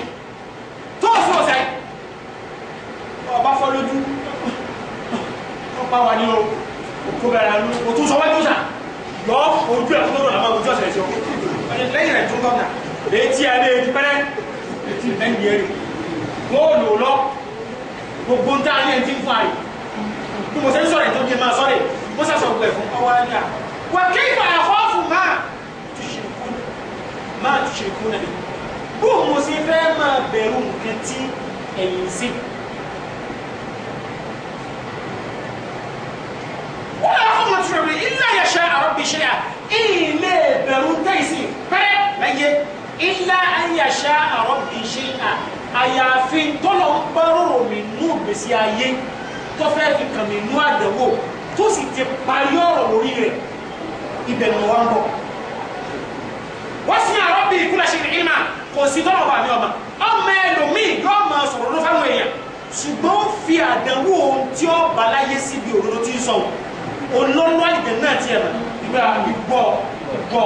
tó fún ọ̀sẹ̀ ọba fọ́ lójú ọba wà ní o òkú bẹ̀rẹ̀ àlú òtún sọ o sà lọ́ọ́ ojú ẹ̀ fún ọ̀rọ̀ làwọn ojú ọ̀sẹ̀ ẹ̀ sí ọ lẹ́yìn rẹ̀ tó gbọ́dọ̀ létí ẹ̀ lé ẹ̀dí pẹ́rẹ́ fìtì lẹ́yìn ẹ̀rì wọ́n ò lò lọ gbogbo ń tá a ní ẹni tí ń fa yìí bí mo ṣe ń sọ̀rọ̀ ìtọ́jú máa sọ̀rọ̀ mo sàṣọ gbẹ̀ fún ọwọ́ ẹ̀yà wà kí ìfà àfọ́fù máa tùṣìkú máa tùṣìkú náà bó mo ṣe fẹ́ máa bẹ̀rù nǹkan tí ẹ̀yìn sí. wọ́n á fún mọ̀tìrì ilé ayẹ̀ṣẹ́ àrọ́bìṣẹ́ à ilé ìbẹ̀rù tẹ̀sí pẹ́ lẹ́yẹ ilá ayàṣá àrọ́bì ṣe à àyàfi tọ́lọ̀ ń gbọ́rọ̀ mi nú ìgbésí ayé tó fẹ́ fi kàn mí nú àdánwò tó sì ti parí ọ̀rọ̀ lórí rẹ̀ ibẹ̀ ni wọ́n ń bọ̀ wọ́n sì àrọ́bì ìkúlẹ̀ ṣe ìlmà kò sí tọ́lọ̀ wà ní ọmọ ọmọ ẹlòmíì yóò máa sọ̀rọ̀ ló fáwọn èèyàn ṣùgbọ́n ó fi àdánwò tí ó bá láyé síbi òdodo tí ń sọ òun lọ́lọ́ ìdẹ̀ náà tiẹ̀ mọ̀ ìgbà ìgbọ́ ìgbọ́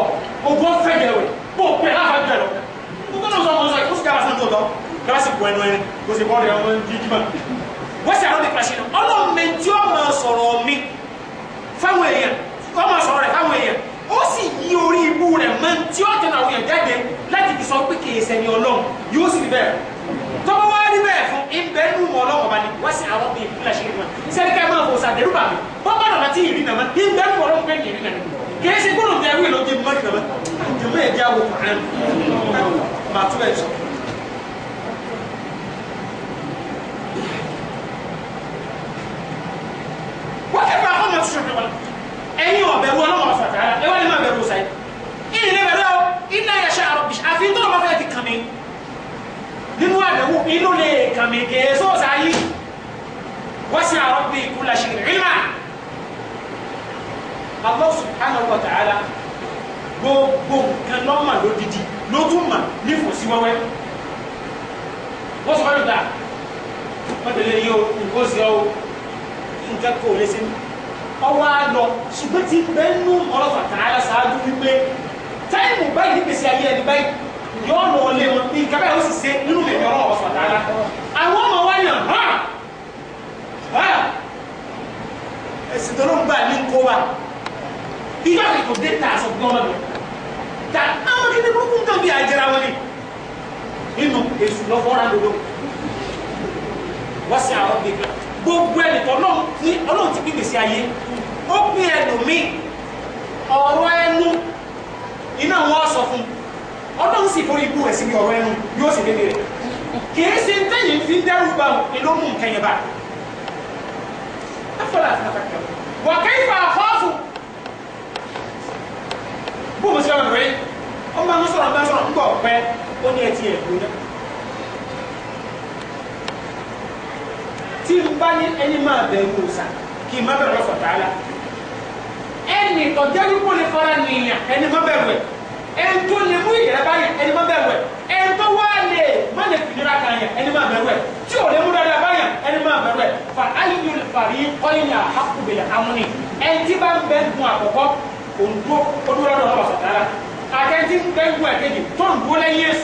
ogún fẹ̀yẹ̀wẹ̀ bó o pè láfa jù ẹ lọ gbogbo náà sọ ọmọ sọ ìkóso kára sọ́dún ọ̀dọ́ kíláàsì kò ẹnu ẹni kò sì bọ́ọ̀dù ọmọ jíjìmá wọ́n un àrọ́ nípa ṣe náà ọlọ́run mi tí ó máa sọ̀rọ̀ mi fáwọn èèyàn ó máa sọ̀rọ̀ rẹ̀ de èèyàn ó sì yí orí ibú rẹ̀ mọ́ tí ó tẹ̀lé àwọn èèyàn jáde láti fi sọ pé kì í sẹ́ni ọlọ́run yóò sì rí bẹ́ẹ̀ tọ́wọ́ wá rí bẹ́ẹ̀ fún ibẹ̀ nù mọ́ ọlọ́run ọba ni wọ́n sì àrọ́ mi ìkúlẹ̀ ṣe náà sẹ́ni ká máa fò sàdérúbà mi bọ́ bá dọ̀dọ̀ tí ì kìí ṣe gbọ́dọ̀ bí awé ló di mọ́ ìkàlẹ́ ìdílé ẹ̀dí awo kùnrin máa tún ẹ̀ sọ. wọ́n ti bá ọmọ tuntun ní wọn ẹ̀yin ọ̀bẹ̀rù ọlọ́wọ́ fàtà ẹ wá ní máa bẹ̀rù sáyé ìyìn ní bẹ̀rù ọ iná yẹ ṣe àrọ̀ bìṣà àfi tó lọ́mọ fẹ́ ti kàn mí nínú àdéhùn inú lè kàn mí kìí sọ́ọ̀sì ayé wọ́n sì àrọ̀ bí kúlà ṣe rí máa. Allah subhanahu wa ta'ala gbogbo nǹkan lọ́mà lódìdí ló tún mà nífòsí wẹ́wẹ́ wọ́n sọ fẹ́ràn dáa wọ́n tẹ̀lé yìí o nǹkan sí ọ nǹkan kò lè ṣe ọwọ́ á lọ ṣùgbọ́n ti bẹ́ẹ̀nù ọlọ́fà tààrà ṣáájú wípé táìmù báyìí nígbèsè ayé ẹni báyìí yọ lọ lé wọn nǹkan báyìí ó sì ṣe nínú mi ọ̀rọ̀ ọ̀fà tààrà àwọn ọmọ wa yàn hàn ẹ̀sìn tó ló ń gbà ní kó wa i b'a fɛ o de t'a sɔn kuma ma dɔn ka amadudenw burukun kan bi a jara wale nínú èsù lọ́fọ́ra lọ́dọ̀ wọ́n sì àwọn ọ̀gbìn kan gbogbo ẹni tó ọlọ́run ti gbèsè ayé ó pín ẹlòmíì ọ̀rọ̀ ẹnu iná wọn sọ fún ọlọ́run sì forí ibú ẹ̀ sí ọ̀rọ̀ ẹnu yóò sì dédé rẹ̀ kìí ṣe tẹ́yìn fi ń dẹ́rù bá wọn ni ló mú nǹkan yẹn bá. afọlá àti nàfàkà wọ́n kẹ́yìn fà á fọ́ọ̀fù bó mo ṣe ọ̀nà rẹ̀ ó máa ń sọ̀rọ̀ máa ń sọ̀rọ̀ ń bọ̀ pẹ́ ó ní ẹtì ẹ̀kú náà tí n bá ní ẹni máa bẹ̀rù òòsà kì í má bẹ̀rù ọ̀fọ̀ tààlà ẹnì tọ́jú ẹrúkú lè fara nìyàn ẹni má bẹ̀rù ẹ̀ ẹni tó lè mú ìyẹ̀rẹ̀ báyà ẹni má bẹ̀rù ẹ̀ ẹni tó wá lè má lè fìdíra kan yà ẹni má bẹ̀rù ẹ̀ tí ò lè mú dáadáa báyà ẹni má bẹ̀rù ẹ̀ fa ayélujára yìí kọ́ ìyà àkùbẹ̀yà amúni ẹni tí bá ń bẹ̀ gun àkọ́kọ́ òǹdó olúwa náà wà sàtàrà àtẹ́tí gbẹ́ngbù àkejì tó ń dúró lẹ́yìn èṣù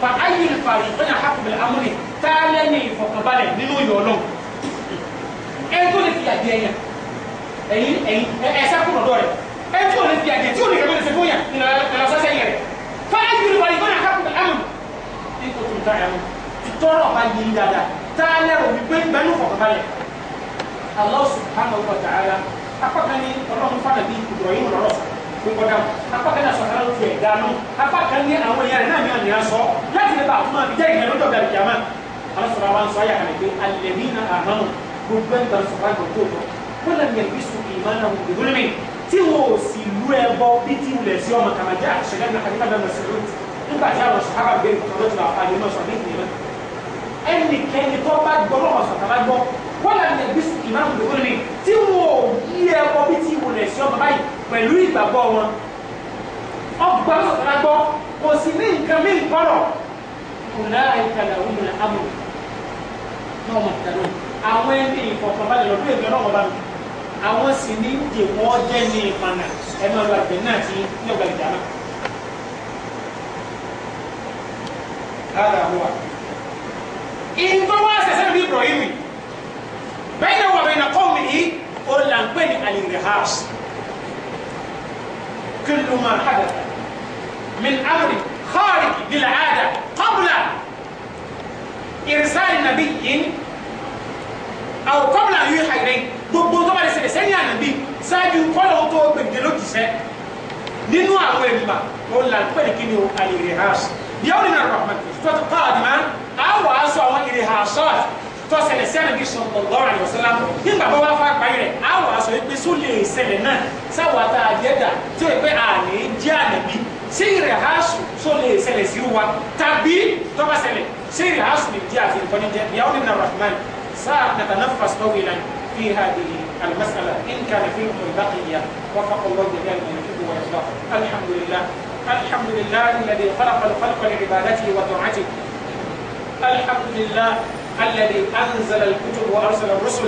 fa ayé ìfàrí ìfẹ́nà àkùnrin amúlẹ̀ tá a lẹ́ni ìfọ̀kànbalẹ̀ nínú ìyọ̀ ọlọ́run ẹ tó lè fi àjẹ yẹn ẹ̀yìn ẹ̀yìn ẹ̀ẹ́sẹ̀ kúrò dọ́ rẹ̀ ẹ tó lè fi àjẹ tí ò lè kẹ́kẹ́ lè fi fún yàn ìlànà sọ́sẹ̀ yẹn rẹ̀ fa ayé ìfàrí ìfẹ́nà àkùnrin amúlẹ̀ ní kò tó ń tàn yàn apákan ní ọlọ́run fana bíi ìbùrọ̀yìn lọ́rọ̀ kókọ́dá apákan ní asọ̀tara ló fi ẹ̀dá nù apákan ní àwọn èèyàn rẹ̀ náà ní àná sọ láti lè bá àfúnmá mi jẹ́ ìgbà lọ́dọ̀ dàbí jàmá alásọ̀rọ̀ àwọn sọ ayà kan pé alẹ́bí na àhánu gbogbo ẹ̀ gbàlù sọ̀rọ̀ àjọ tó tọ̀ wọ́n lè yẹn bísú ìmáná wù dùdú mi tí wò ó sì lú ẹ bọ́ bí tí wùlẹ̀ sí ọmọ kàmájà àṣẹlẹ̀ náà kàdé kàdé mọ̀sẹ̀lẹ̀ nígbà tí àwọn sọ̀rọ̀ àgbẹ̀ kọ̀ọ̀dọ̀ tó àpá yẹn mọ̀ sọ̀rọ̀ ní ìyẹn ẹnikẹ́ni tó bá gbọ́ lọ́wọ́ sọ̀tàlá wọ́n làmì ẹ̀gbẹ́sì ìmáàmù lóko ní tí wọn ò yí ẹ̀kọ́ bí tí wọn lẹ̀ sí ọmọ báyìí pẹ̀lú ìgbàgbọ́ wọn ọgbà sọ̀tara gbọ́ kò sí ní nǹkan mí nkọ́rọ̀ kùnà ìkàlà òmìnira amò náà wọn kàló àwọn ẹni ìfọ̀kànbalẹ̀ lọ́dún èmi ọlọ́wọ́ bá mi àwọn sì ní ìwọ́ jẹ́ ní ìpanà ẹ̀mọ́ ọlọ́ àgbẹ̀ náà ti ní ọgbà ìdáná. Ara wa. Ìgbọ́wọ́ àṣẹṣẹ́ mi Ibrahim. bẹ́ẹ̀ni wà bẹ́ẹ̀ni kọ́ mi yìí o là ń pè ní alìrìhàs kullu ma hadatha min amri kharij lil'ada qabla irisali nabiyyin aw qabla an yuha ilayhi gbogbo tó bá lè ṣẹlẹ̀ sẹ́yìn ànábì ṣáájú kọ́lọ̀ tó gbèdé lójúṣẹ́ nínú àwọn ènìyàn o là ń pè ní kí ni o alìrìhàs yawmin ar-rahman tó tó kọ́ àdìmá àwọn aṣọ àwọn ìrìhàsọ́ọ̀tì tọ́sẹ̀lẹ̀ sí ànábì sallallahu alaihi wasallam nígbà bá wà fún àgbáyé rẹ̀ àwọn aṣọ ìpè sún lè ṣẹlẹ̀ náà sáwọ́ ata àjẹ́dà tó yẹ pé àní jẹ́ ànábì sí ìrẹ̀ aṣù tó lè ṣẹlẹ̀ sí wa tàbí tọ́ba ṣẹlẹ̀ sí ìrẹ̀ aṣù lè jẹ́ àfihàn kọ́ni jẹ́ ìyàwó nínú rahman sáà natanafas tawilan fi hadhihi المسألة إن كان فيكم البقية وفق الله جميعا من يحب ويرضى الحمد لله الحمد لله الذي خلق الخلق لعبادته وطاعته الحمد لله الذي أنزل الكتب وأرسل الرسل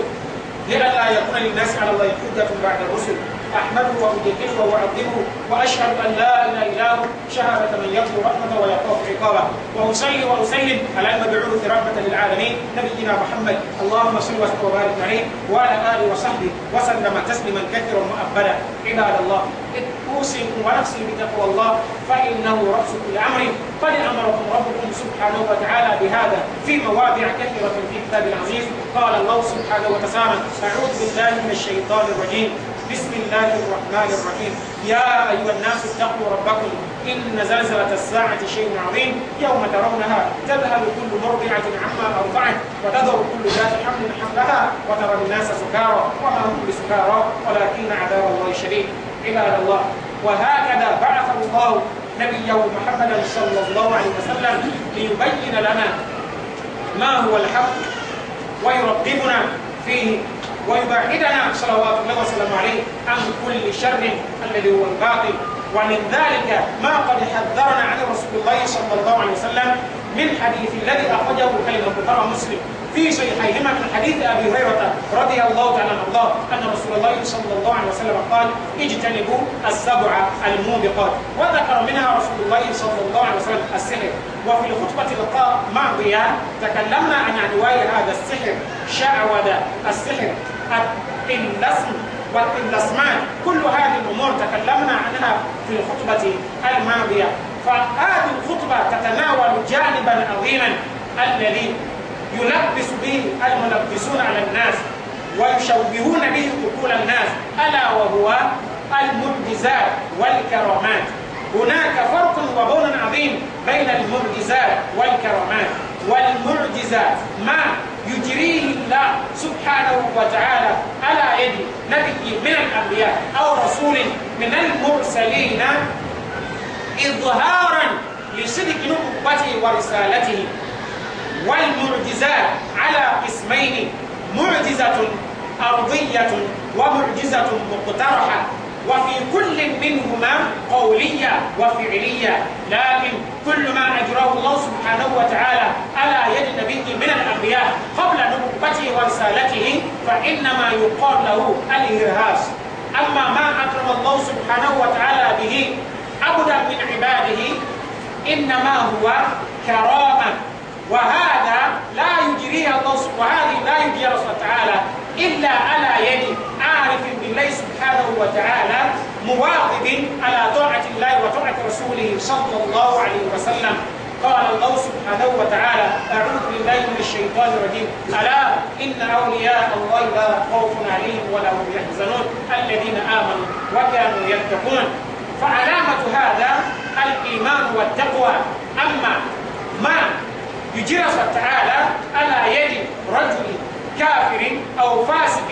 لئلا يكون للناس على الله حجة بعد الرسل احمده ومجده واعظمه واشهد ان لا اله الا هو شهاده من يرجو رحمته ويخاف عقابه واصلي واسلم على المبعوث رحمه للعالمين نبينا محمد اللهم صل وسلم وبارك عليه وعلى اله وصحبه وسلم تسليما كثيرا مؤبدا عباد الله اوصيكم ونفسي بتقوى الله فانه راس كل امر قد امركم ربكم سبحانه وتعالى بهذا في مواضع كثيره في الكتاب العزيز قال الله سبحانه وتعالى اعوذ بالله من الشيطان الرجيم بسم الله الرحمن الرحيم يا أيها الناس اتقوا ربكم إن زلزلة الساعة شيء عظيم يوم ترونها تذهب كل مرضعة عما أرضعت وتذر كل ذات حمل حملها وترى الناس سكارى وما هم بسكارى ولكن عذاب الله شديد عباد الله وهكذا بعث الله نبيه محمدا صلى الله عليه وسلم ليبين لنا ما هو الحق ويرقبنا فيه ويبعدنا صلوات الله وسلامه عليه عن كل شر الذي هو الباطل ومن ذلك ما قد حذرنا عن رسول الله صلى الله عليه وسلم من حديث الذي أخرجه البخاري مسلم في صحيحهما من حديث ابي هريره رضي الله تعالى عن الله ان رسول الله صلى الله عليه وسلم قال اجتنبوا السبع الموبقات وذكر منها رسول الله صلى الله عليه وسلم السحر وفي الخطبه الماضيه تكلمنا عن عدوان هذا السحر شعوذ السحر القلنسم والقلنسمان كل هذه الأمور تكلمنا عنها في الخطبة الماضية فهذه الخطبة تتناول جانبا عظيما الذي يلبس به الملبسون على الناس ويشوهون به عقول الناس ألا وهو المعجزات والكرامات هناك فرق وبون عظيم بين المعجزات والكرامات والمعجزات ما يجريه الله سبحانه وتعالى على يد نبي من الأنبياء أو رسول من المرسلين إظهارا لصدق نبوته ورسالته والمعجزات على قسمين معجزة أرضية ومعجزة مقترحة وفي كل منهما قولية وفعلية لكن كل ما أجراه الله سبحانه وتعالى على يد نبي من الأنبياء قبل نبوته ورسالته فإنما يقال له الإرهاص أما ما أكرم الله سبحانه وتعالى به أبدا من عباده إنما هو كرامة وهذا لا يجري الله وهذه لا يجري الله تعالى إلا على يد عارف الله سبحانه وتعالى مواظب على طاعة الله وطاعة رسوله صلى الله عليه وسلم قال الله سبحانه وتعالى أعوذ بالله من الشيطان الرجيم ألا إن أولياء الله لا خوف عليهم ولا هم يحزنون الذين آمنوا وكانوا يتقون فعلامة هذا الإيمان والتقوى أما ما يجرس تعالى ألا يجد رجل كافر أو فاسق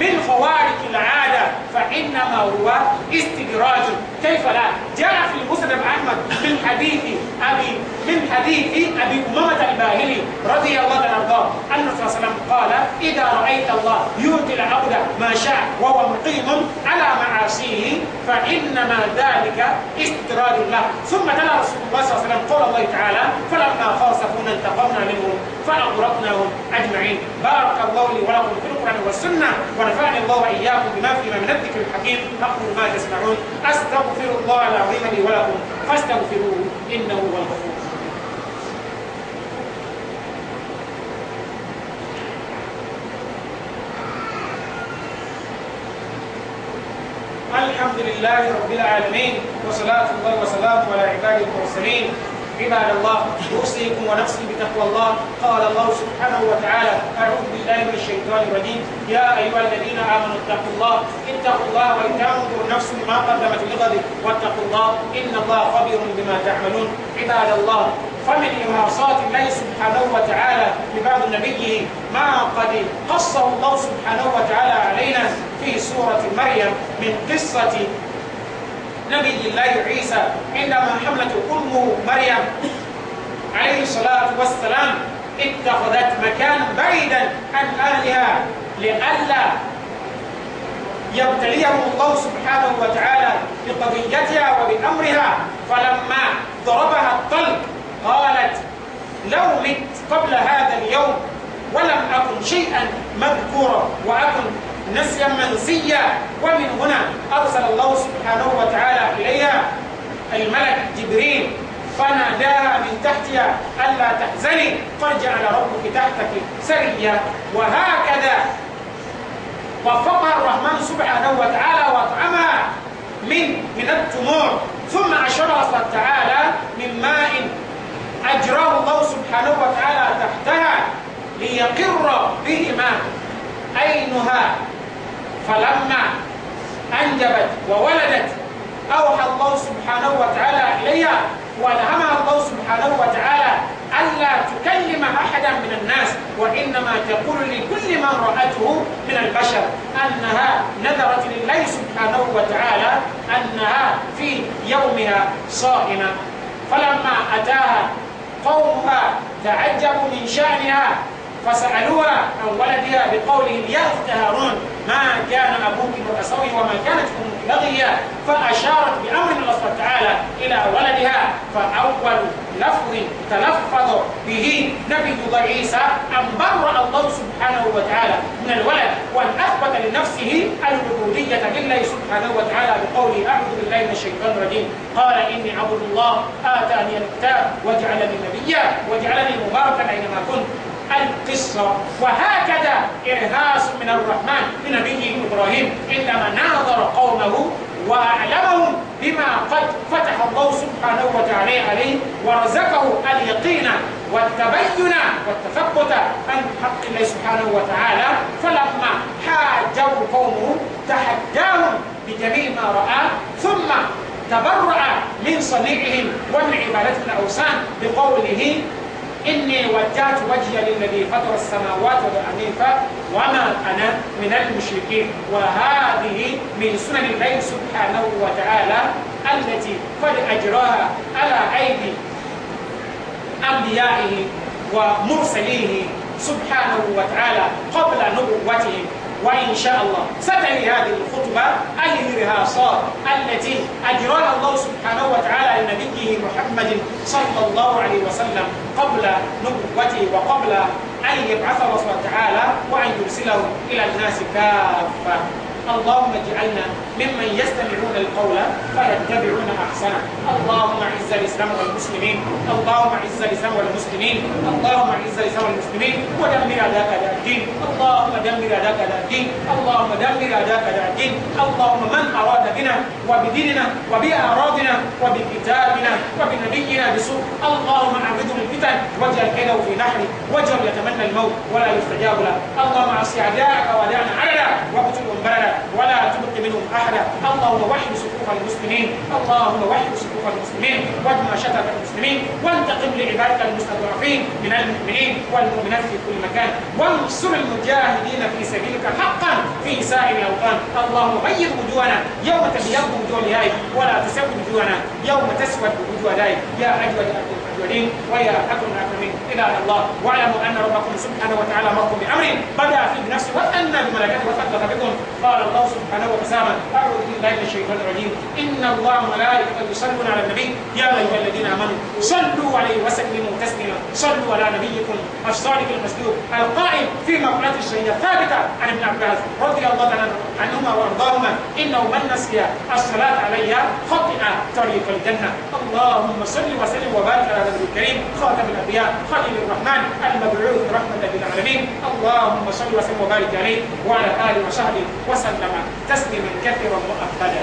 من خوارق العادة فإنما هو استدراج كيف لا جاء في المسلم أحمد من حديث أبي من حديث أبي أمامة الباهلي رضي الله عنه وأرضاه أن صلى الله عليه وسلم قال إذا رأيت الله يؤتي العبد ما شاء وهو مقيم على معاصيه فإنما ذلك استدراج الله ثم تلا رسول الله صلى الله عليه وسلم قول الله تعالى فلما خاصفونا انتقمنا منهم فأغرقناهم أجمعين بارك الله لي ولكم في القرآن والسنة ونفعني الله وإياكم بما فيما من الذكر الحكيم أقول ما تسمعون أستغفر الله العظيم لي ولكم فاستغفروه إنه هو الغفور الحمد لله رب العالمين وصلاة الله وسلامه على عباده المرسلين عباد الله أوصيكم ونفسي بتقوى الله قال الله سبحانه وتعالى أعوذ بالله من الشيطان الرجيم يا أيها الذين آمنوا اتقوا الله اتقوا الله ولتنظر نفس ما قدمت لغد واتقوا الله إن الله خبير بما تعملون عباد الله فمن اماصات الله سبحانه وتعالى لبعض نبيه ما قد قصه الله سبحانه وتعالى علينا في سورة مريم من قصة نبي الله عيسى عندما حملت أمه مريم عليه الصلاة والسلام اتخذت مكانا بعيدا عن أهلها لئلا يبتليهم الله سبحانه وتعالى بقضيتها وبأمرها فلما ضربها الطلق قالت لو مت قبل هذا اليوم ولم أكن شيئا مذكورا وأكن نسيا منسيا ومن هنا أرسل الله سبحانه وتعالى إليها الملك جبريل فناداها من تحتها ألا تحزني فارجع على ربك تحتك سريا وهكذا وفقها الرحمن سبحانه وتعالى وأطعمها من من التمور ثم أشرها تعالى من ماء أجراه الله سبحانه وتعالى تحتها ليقر بهما عينها فلما أنجبت وولدت أوحى الله سبحانه وتعالى إليها وألهمها الله سبحانه وتعالى ألا تكلم أحدا من الناس وإنما تقول لكل من رأته من البشر أنها نذرت لله سبحانه وتعالى أنها في يومها صائمة فلما أتاها قومها تعجبوا من شأنها فسألوها عن ولدها بقولهم يا أخت هارون ما كان أبوك متسوي وما كانت أمك بغية فأشارت بأمر الله تعالى إلى ولدها فأول لفظ تلفظ به نبي الله عيسى أن برأ الله سبحانه وتعالى من الولد وأن أثبت لنفسه العبودية لله سبحانه وتعالى بقوله أعوذ بالله من الشيطان الرجيم قال إني عبد الله آتاني الكتاب وجعلني نبيا وجعلني مباركا أينما كنت القصة وهكذا إرهاص من الرحمن لنبيه إبراهيم عندما ناظر قومه وأعلمهم بما قد فتح الله سبحانه وتعالى عليه ورزقه اليقين والتبين والتثبت عن حق الله سبحانه وتعالى فلما حاجوا قومه تحداهم بجميع ما رأى ثم تبرع من صنيعهم ومن عبادة الأوثان بقوله إني وجهت وجهي للذي فطر السماوات والأرض وما أنا من المشركين وهذه من سنن الله سبحانه وتعالى التي قد أجراها على أيدي أنبيائه ومرسليه سبحانه وتعالى قبل نبوته وإن شاء الله ستري هذه الخطبة الرهاصات التي أجرها الله سبحانه وتعالى لنبيه محمد صلى الله عليه وسلم قبل نبوته وقبل أن يبعثه الله سبحانه وتعالى وأن يرسله إلى الناس كافة اللهم اجعلنا ممن يستمعون القول فيتبعون احسنه اللهم اعز الاسلام والمسلمين اللهم اعز الاسلام والمسلمين اللهم اعز الاسلام والمسلمين ودمر اعداءك اعداء الدين اللهم دمر اعداءك اعداء الدين اللهم دمر اعداءك اعداء الدين اللهم من اراد بنا وبديننا وباعراضنا وبكتابنا وبنبينا بسوء اللهم اعبده من الفتن واجعل كيده في نحره واجعل يتمنى الموت ولا يستجاب له اللهم اعصي اعداءك ودعنا عددا واقتل بردا ولا تبق منهم أحدا اللهم وحد صفوف المسلمين اللهم وحد صفوف المسلمين واجمع شتات المسلمين وانتقم لعبادك المستضعفين من المؤمنين والمؤمنات في كل مكان وانصر المجاهدين في سبيلك حقا في سائر الأوطان اللهم غير وجوهنا يوم تبيض وجوه لهاي ولا تسود وجوهنا يوم تسود وجوه لهاي يا أجود أبو يعين ويا حكم الحاكمين إلى الله واعلموا أن ربكم سبحانه وتعالى مركم بأمر بدأ في بنفسه وأن بملائكته وثبت بكم قال الله سبحانه وتعالى أعوذ بالله من الشيطان الرجيم إن الله ملائكته يصلون على النبي يا أيها الذين آمنوا صلوا عليه وسلموا تسليما صلوا على نبيكم الصادق المسلوب القائم في مقعد الشهية ثابتة عن ابن عباس رضي الله تعالى عنهما وأرضاهما إنه من نسي الصلاة عليها خطئ طريق الجنة اللهم صل وسلم وبارك على العالم الكريم خاتم الانبياء خليل الرحمن المبعوث رحمه للعالمين اللهم صل وسلم وبارك عليه وعلى اله وصحبه وسلم تسليما كثيرا مؤكدا